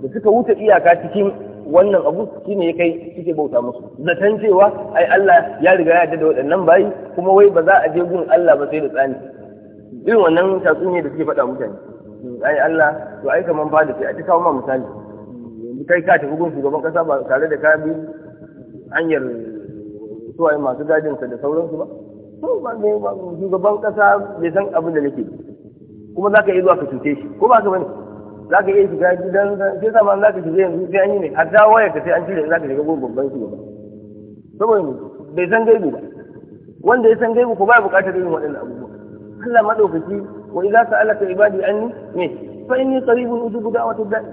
da suka wuce iyaka cikin wannan abu shine ya kai suke bauta musu zaton cewa ai Allah ya riga ya da waɗannan bayi kuma wai ba za a je gun Allah ba sai da tsani irin wannan tatsuniya da suke faɗa mutane ai Allah to ai kaman ba da sai a ta kawo ma misali kai ka tafi gun shugaban kasa ba tare da ka bi hanyar suwaye masu gadinsa da sauransu ba shugaban kasa bai san abin da nake kuma za ka iya zuwa ka cuce shi ko ba ka bane za ka iya shiga gidan sai sa za ka shiga yanzu sai an yi ne ta waya ka sai an cire za ka shiga babban banki ba saboda mu bai san gaibu ba wanda ya san gaibu ko ba buƙatar yin waɗannan abubuwa Allah madaukaki wa idza sa'alaka ibadi anni me fa inni qaribun ujibu da'watad da'i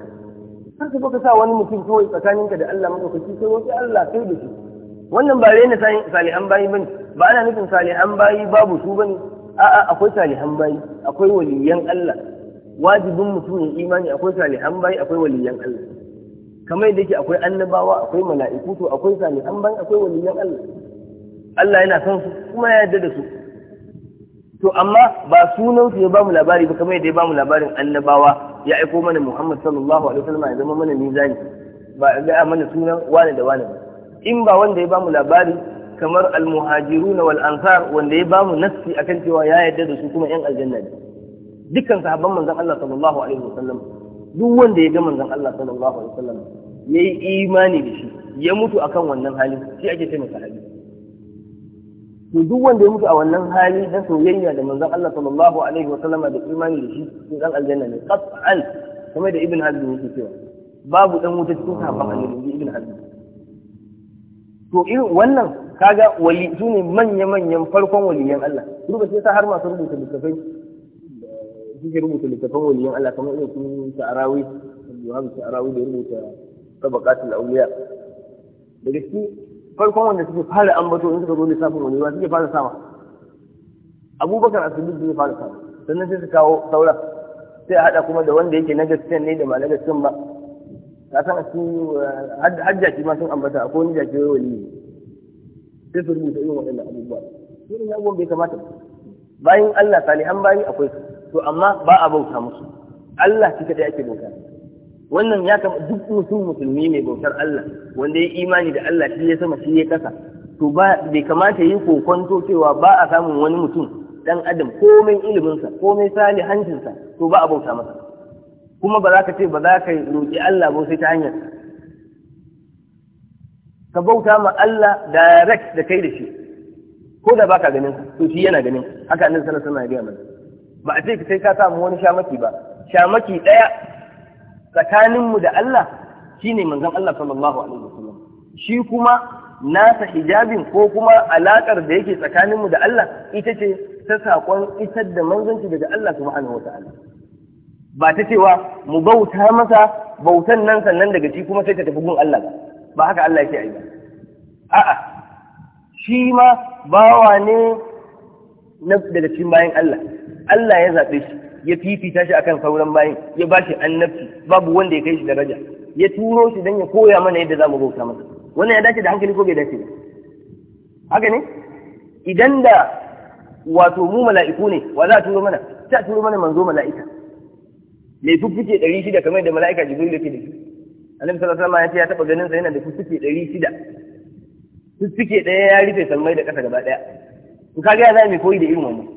har ka baka sa wani mutum kawai tsakaninka da Allah madaukaki sai wani Allah sai da shi wannan ba rena salihan bayi bane ba ana nufin salihan bayi babu su bane a'a akwai salihan bayi akwai waliyan Allah wajibin mutum ya imani akwai salihan bai akwai waliyan Allah kamar yadda yake akwai annabawa akwai mala'iku to akwai salihan bai akwai waliyan Allah Allah yana son su kuma ya yarda da su to amma ba sunan su ya bamu labari ba kamar yadda ya bamu labarin annabawa ya aiko mana Muhammad sallallahu alaihi wasallam ya zama mana mizani ba ga mana sunan wani da wani ba in ba wanda ya bamu labari kamar al-muhajiruna wal ansar wanda ya bamu nassi akan cewa ya yarda da su kuma yan aljanna ne dukkan sahabban manzon Allah sallallahu alaihi wasallam duk wanda ya ga manzon Allah sallallahu alaihi wasallam yayi imani da shi ya mutu akan wannan hali shi ake ce masa hali to duk wanda ya mutu a wannan hali dan soyayya da manzon Allah sallallahu alaihi wasallam da imani da shi to dan aljanna ne qat'an kamar da ibn hazm yake cewa babu dan wuta cikin sahabban annabi ibn hazm to irin wannan kaga wali sune manya-manyan farkon waliyan Allah Duk duba sai sa har masu rubuta littafai suke rubuta littafan waliyan Allah kamar irin sun Sa'arawi Yohan Sa'arawi da rubuta Tabaqatul Awliya daga cikin farkon wanda suke fara ambato in suka zo lissafin wani ba suke fara sama Abubakar Asidik ne fara sama sannan sai su kawo saura sai a haɗa kuma da wanda yake na gaskiyan ne da ba na gaskiyan ba ka san su eh, hajjaci ma sun ambata akwai wani jaki wali sai su rubuta irin waɗannan abubuwa irin abubuwan bai kamata ba bayan Allah salihan bayi akwai su to amma ba a bauta musu Allah shi kadai ake bauta wannan ya kama duk mutum musulmi mai bautar Allah wanda ya imani da Allah shi ya sama shi ya kasa to ba bai kamata yi kokonto cewa ba a samun wani mutum dan adam komai iliminsa komai salihancinsa to ba a bauta masa kuma ba za ka ce ba za ka roƙi Allah ba sai ta hanyar ka bauta ma Allah direct da kai da shi ko da baka ganin to shi yana ganin haka annabi sallallahu alaihi wasallam ya gaya mana ba a ce sai ka samu wani shamaki ba shamaki ɗaya tsakaninmu da Allah shine manzon Allah sallallahu alaihi wasallam shi kuma nasa hijabin ko kuma alaƙar da yake tsakaninmu da Allah ita ce ta saƙon isar da manzanci daga Allah subhanahu wata'ala ba ta cewa mu bauta masa bautan nan sannan daga shi kuma sai ta tafi gun Allah ba ba haka Allah yake yi ba a'a shi ma bawa ne na daga cikin bayan Allah Allah ya zaɓe shi ya fifita shi akan sauran bayan, ya ba shi annabci babu wanda ya kai shi daraja ya turo shi don ya koya mana yadda za mu bauta masa wannan ya dace da hankali ko bai dace ba haka ne idan da wato mu mala'iku ne wa za a turo mana ta turo mana manzo mala'ika mai fuffuke ɗari shida kamar da mala'ika jibril yake da shi annabi sallallahu alaihi wasallam ya ce ya taɓa ganin sa yana da fuffuke ɗari shida fuffuke ɗaya ya rufe sammai da ƙasa gaba ɗaya in ka ga ya za mu koyi da irin wannan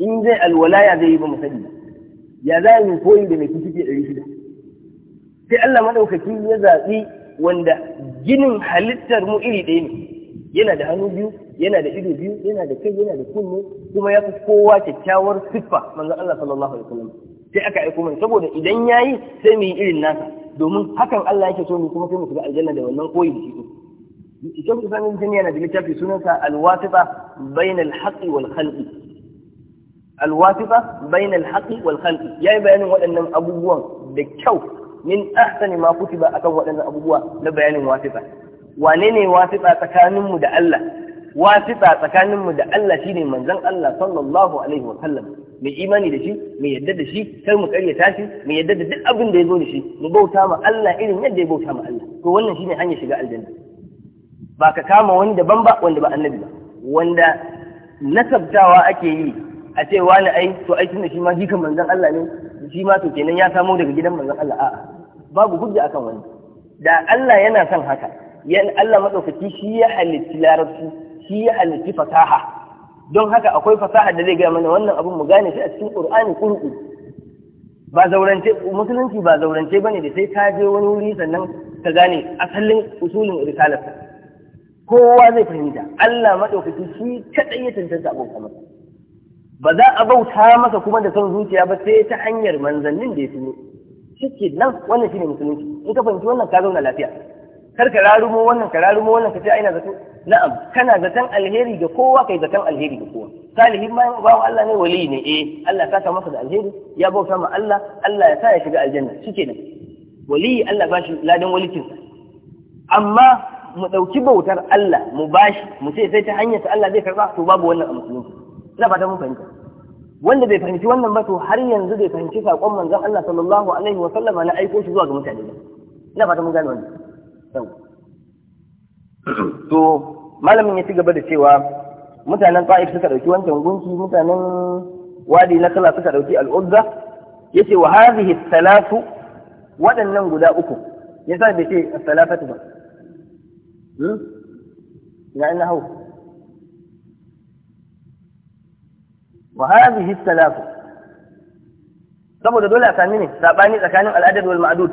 in zai alwala ya zai yi ba musani ya za mu koyi da mai kuke ɗari shida sai Allah madaukaki ya zaɓi wanda ginin halittar mu iri ɗaya ne yana da hannu biyu yana da ido biyu yana da kai yana da kunne kuma ya fi kowa kyakkyawar siffa manzon Allah sallallahu alaihi wasallam sai aka aiko mana saboda idan yayi sai mu yi irin nasa domin hakan Allah yake so mu kuma sai mu shiga aljanna da wannan koyi da shi Sheikh Usman bin yana da littafi sunansa Al-Wasita bainal haqqi wal khalqi alwafiqa bainal alhaqi wal Ya yi bayanin waɗannan abubuwan da kyau min ahsani ma kutiba akan waɗannan abubuwa na bayanin wasiqa wane ne wasiqa tsakaninmu da Allah wasiqa tsakaninmu da Allah shine manzon Allah sallallahu alaihi wa sallam mai imani da shi mai yadda da shi kar mu karyata shi mai yadda da duk abin ya zo da shi mu bauta ma Allah irin yadda ya bauta ma Allah to wannan shine hanyar shiga aljanna ba ka kama wani daban ba wanda ba ba wanda nasabtawa ake yi a ce wani ai to ai tunda shi ma jikan manzon Allah ne shi ma to kenan ya samo daga gidan manzon Allah a'a babu hujja akan wani da Allah yana son haka yan Allah madaukaki shi ya halitti larabci shi ya halitti fasaha don haka akwai fasaha da zai gaya mana wannan abun mu gane shi a cikin Qur'ani kurku ba zaurance musulunci ba zaurance bane da sai ka je wani wuri sannan ka gane asalin usulin risalar kowa zai fahimta Allah madaukaki shi kadai ya tantance abun masa ba za a bauta masa kuma da son zuciya ba sai ta hanyar manzannin da ya tuno shike nan wannan shine musulunci in ka fahimci wannan ka zauna lafiya kar ka rarumo wannan ka rarumo wannan ka ce aina zato na'am kana zaton alheri ga kowa kai zaton alheri ga kowa salihin ma bawan Allah ne wali ne eh Allah ya sa masa da alheri ya bauta ma Allah Allah ya sa ya shiga aljanna shike nan wali Allah ba shi ladan walikin amma mu ɗauki bautar Allah mu bashi mu ce sai ta hanyar Allah zai karba to babu wannan a musulunci ina fata mun fahimta wanda bai fahimci wannan ba to har yanzu bai fahimci saƙon manzon Allah sallallahu alaihi wa sallama na aiko shi zuwa ga mutane ba ina fata mun gane wannan to malamin ya ci gaba da cewa mutanen Ta'if suka dauki wancan gunki mutanen Wadi na Kala suka dauki al-Uzza yace wa hadhihi thalathu waɗannan guda uku yasa bai ce as-salafatu ba hmm? ina ina hawo wa hadhihi talafu saboda dole a sami ne sabani tsakanin al'adad wal ma'dud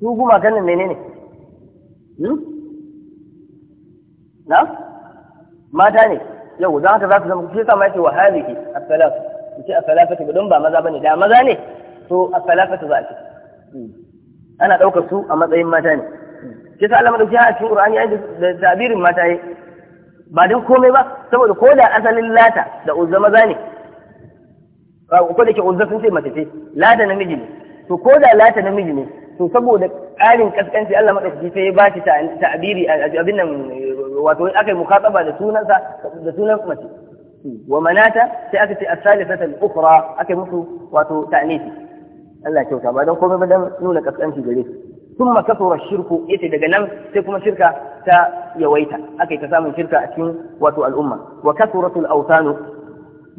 su kan nan menene hmm? na mata ne yau don haka za zama shi sama yake wa hadhihi as-salaf ce ta salafatu don ba maza bane da maza ne to as ta za ana daukar su a matsayin mata ne shi sa Allah madauki a cikin Qur'ani ayi da tabirin mata yayi ba don komai ba saboda ko da asalin lata da uzza maza ne ko da ke uzza sun ce mace ce lata namiji ne to ko da lata namiji ne to saboda ƙarin kaskanci Allah madaukaki sai ya ba shi ta'abiri a abin nan wato akai aka yi mukhataba da sunansa da sunan mace wa manata sai aka ce as-salisata al-ukhra aka musu wato ta'nisi Allah kyauta ba don komai ba dan nuna kaskanci gare su ثم كثر الشرك يتي daga nan sai kuma shirka ta yawaita akai ta samun shirka a cikin wato al'umma wa kasratul guma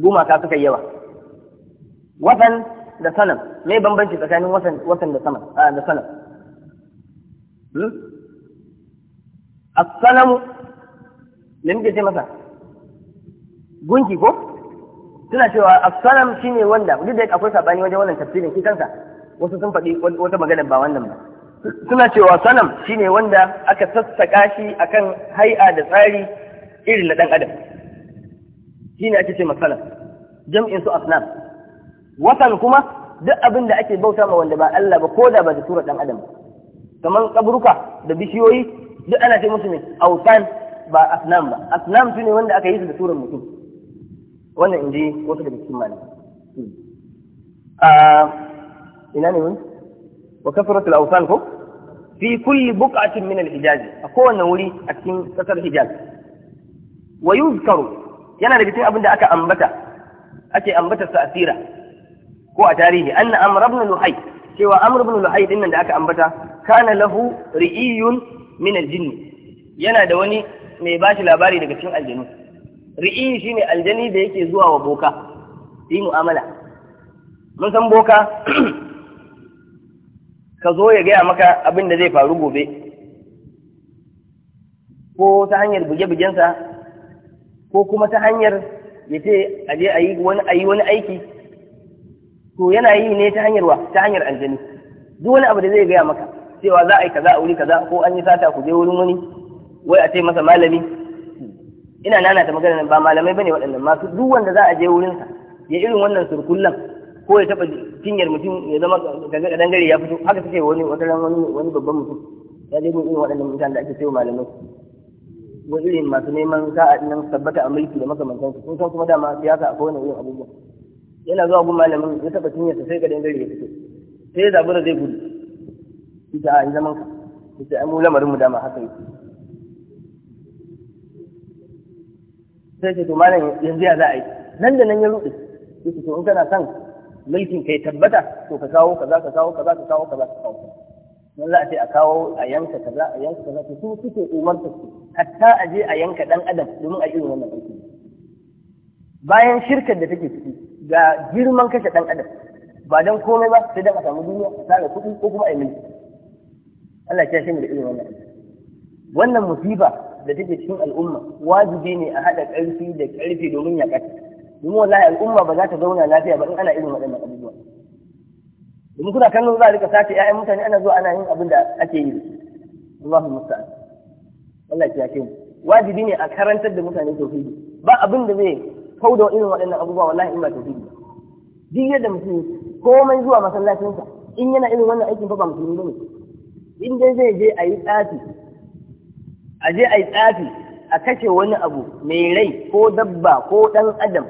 gumaka suka yawa watan da sanam me bambanci tsakanin watan da sanam da sanan hmm? as-sanam me masa gunki ko suna cewa as-sanam shine wanda duk da akwai sabani wajen wannan tafsirin shi kansa wasu sun faɗi wata magana ba wannan ba suna cewa sanam shine wanda aka sassaka shi akan hai'a da tsari irin na ɗan adam shine ake ce masalam jam'in su asnam Watan kuma duk abin da ake bauta ma wanda ba Allah ba ko da ba da sura ɗan adam kamar kaburuka da bishiyoyi duk ana ce musu ne autan ba asnam ba asnam shine wanda aka yi su da surar mutum wannan inji wasu daga cikin malamai hmm. ah, ina ne wani wa kasratul awsan ko fi kulli buq'atin min al a kowane wuri a cikin kasar hijaz wa yana da cikin abin da aka ambata ake ambata sa asira ko a tarihi anna amr ibn luhay cewa amr ibn luhay din nan da aka ambata kana lahu ri'iyun min al yana da wani mai bashi labari daga cikin aljanu ri'i shine aljani da yake zuwa wa boka yi mu'amala mun san boka ka zo ya gaya maka abin da zai faru gobe ko ta hanyar buge-bugensa ko kuma ta hanyar ya ce a je a yi wani aiki to yana yi ne ta hanyar wa ta hanyar aljani duk wani abu da zai gaya maka cewa za a yi kaza a wuri kaza ko an yi sata ku je wurin wani wai a ce masa malami ina nana ta magana ba malamai bane waɗannan masu duk wanda za a je wurinsa ya irin wannan surkullan ko ya taba cinyar mutum ya zama ganga kadan ya fito haka take wani wani wani babban mutum ya dai mun irin waɗannan mutanen da ake sayo malamai ko irin masu neman sa'a nan tabbata a mulki da makamantan su kun san kuma dama siyasa akwai wani irin abubuwa yana zuwa gun malamin ya taba cinyar sai kadan dangare ya fito sai ya zabi da zai gudu ita a zaman ka ita mu lamarin mu dama haka yake sai ce to malam yanzu ya za a yi nan da nan ya rufe yake to in kana son mulkin kai tabbata to ka kawo kaza ka kawo kaza ka kawo kaza ka kawo dan za a ce a kawo a yanka kaza a yanka kaza to su suke umarta su hatta a je a yanka dan adam domin a irin wannan aiki bayan shirkar da take ciki ga girman kashe dan adam ba dan komai ba sai dan a samu duniya a tara kuɗi ko kuma a yi mulki Allah ya shi da irin wannan aiki wannan musiba da take cikin al'umma wajibi ne a haɗa ƙarfi da ƙarfi domin ya ƙasa domin wallahi al'umma ba za ta zauna lafiya ba in ana irin waɗannan abubuwa domin kuna kallon za a rika sace ƴaƴan mutane ana zuwa ana yin abin da ake yi Allahu musta'an Allah ya kai wajibi ne a karantar da mutane tauhidi ba abin da zai kauda irin waɗannan abubuwa wallahi in ba tauhidi ba duk yadda mutum komai zuwa masallacinsa in yana irin wannan aikin fa ba musulmi bane in dai zai je a yi tsafi a je a yi tsafi a kashe wani abu mai rai ko dabba ko ɗan adam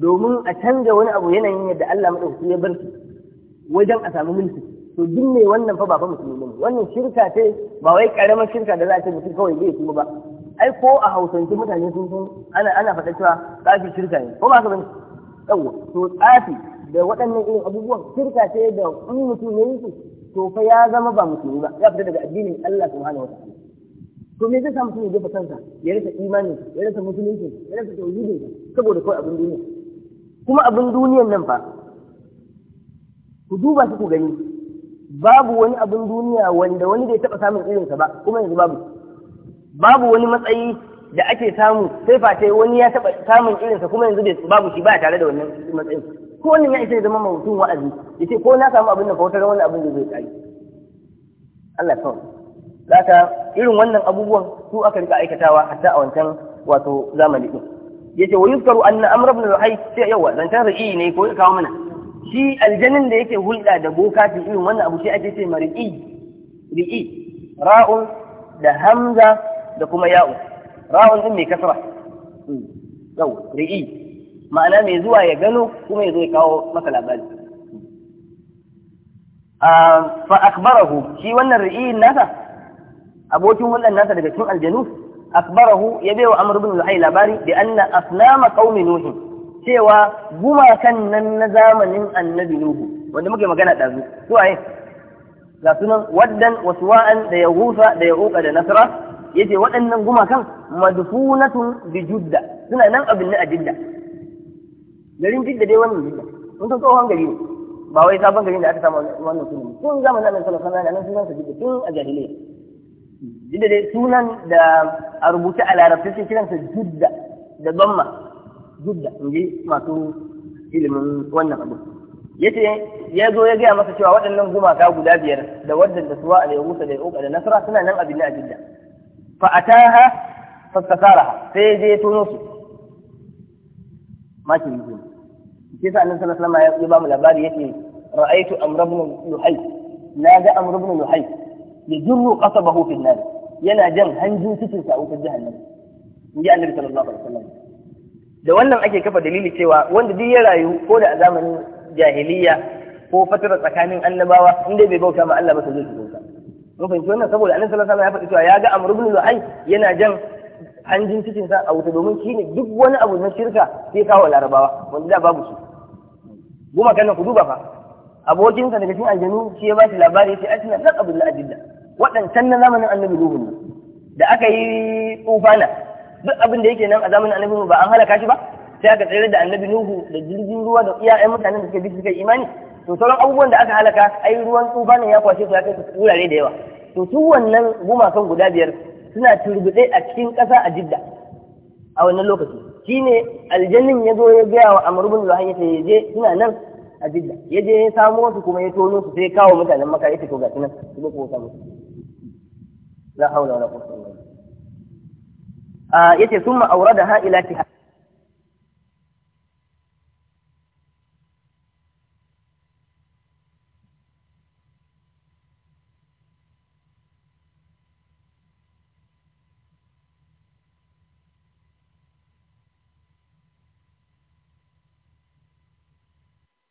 domin a canza wani abu yanayin yadda Allah maɗauki ya bar wajen a samu mulki to duk mai wannan fa ba fa musulmi ne wannan shirka ce ba wai karamar shirka da za a ce mutum kawai zai kuma ba ai ko a hausance mutane sun san ana ana faɗa cewa tsafi shirka ne ko ba ka bane yawa to tsafi da waɗannan irin abubuwan shirka ce da in mutum ya yi su, to fa ya zama ba musulmi ba ya fita daga addinin Allah subhanahu wataala to me zai sa mutum ya jefa kansa ya rasa imanin ya rasa musulunci ya rasa tauhidin saboda kawai abin duniya kuma abin duniyan nan fa ku duba su ku gani babu wani abin duniya wanda wani bai taɓa samun irinsa ba kuma yanzu babu babu wani matsayi da ake samu sai fata wani ya taɓa samun irinsa kuma yanzu bai babu shi ba tare da wannan matsayin ko wannan ya isa ya zama mutum wa'azi ya ce ko na samu abin da kautar wani abin da zai tsari Allah kawai zaka irin wannan abubuwan su aka rika aikatawa hatta a wancan wato zamani din yace wa yuzkaru anna amr ibn luhay sai yawa dan tan ri'i ne ko ya kawo mana shi aljanin da yake hulɗa da boka ta irin wannan abu sai ake ce mari'i ri'i ra'un da hamza da kuma ya'u ra'un din mai kasra yau ri'i ma'ana mai zuwa ya gano kuma ya zo ya kawo maka labari fa akbarahu shi wannan ri'i nasa abokin hulɗar nasa daga cikin aljanu akbarahu ya bai wa amr ibn luhai labari bi ana asnama qaumi nuhi cewa gumakan nan na zamanin annabi nuhu wanda muke magana dazu su waye ga sunan waddan wasuwa'an da yahusa da yauqa da nasra yace waɗannan gumakan madfunatun bi suna nan abin na a jidda garin jidda dai wannan jidda mun san tsohon gari ne ba wai sabon garin da aka samu wannan sunan tun zamanin annabi sallallahu alaihi wasallam nan sunan sa jidda tun a jahiliyya jidda dai sunan da a rubuta a larabta sai kiransa judda da bamma judda in ji masu ilimin wannan abu ce ya zo ya gaya masa cewa waɗannan gumaka guda biyar da wadda da suwa a yahusa da yauka da nasara suna nan abin na jidda fa a ataha fastasaraha sai ya je ya tono su maki yi sai sa annabi sallallahu alaihi wasallam ya ba mu labari yace ra'aitu amr ibn na ga amr ibn ya jirru qasabahu fil nar yana jan hanjin cikin sa a wutar jahannam in ji annabi sallallahu alaihi wasallam da wannan ake kafa dalili cewa wanda duk ya rayu ko da a zamanin jahiliya ko fatara tsakanin annabawa in dai bai bauta ma Allah ba sai zai bauta mun fahimci wannan saboda annabi sallallahu alaihi wasallam ya faɗi cewa ya ga amr ibn lu'ay yana jan hanjin cikin sa a wuta domin shine duk wani abu na shirka sai kawo larabawa wanda da babu su goma kana ku duba fa abokinsa daga cikin aljanu shi ya ba shi labari yace abu laqabul da waɗancan na zamanin annabi nuhu ne da aka yi tsufana duk abin da yake nan a zamanin annabi nuhu ba an halaka shi ba sai aka tsere da annabi nuhu da jirgin ruwa da iyayen mutanen da suke bi suka imani to sauran abubuwan da aka halaka ai ruwan tsufanin ya kwashe su ya kai wurare da yawa to su wannan gumakan guda biyar suna turbuɗe a cikin ƙasa a jidda a wannan lokaci shine aljannin ya zo ya gaya wa amr da hanyar ya je suna nan a jidda ya je ya samo su kuma ya tono su sai kawo mutanen maka ya fito gasu nan su ne kuma samu la haula wala quwwata illa billah ah, yace summa ha ila tihad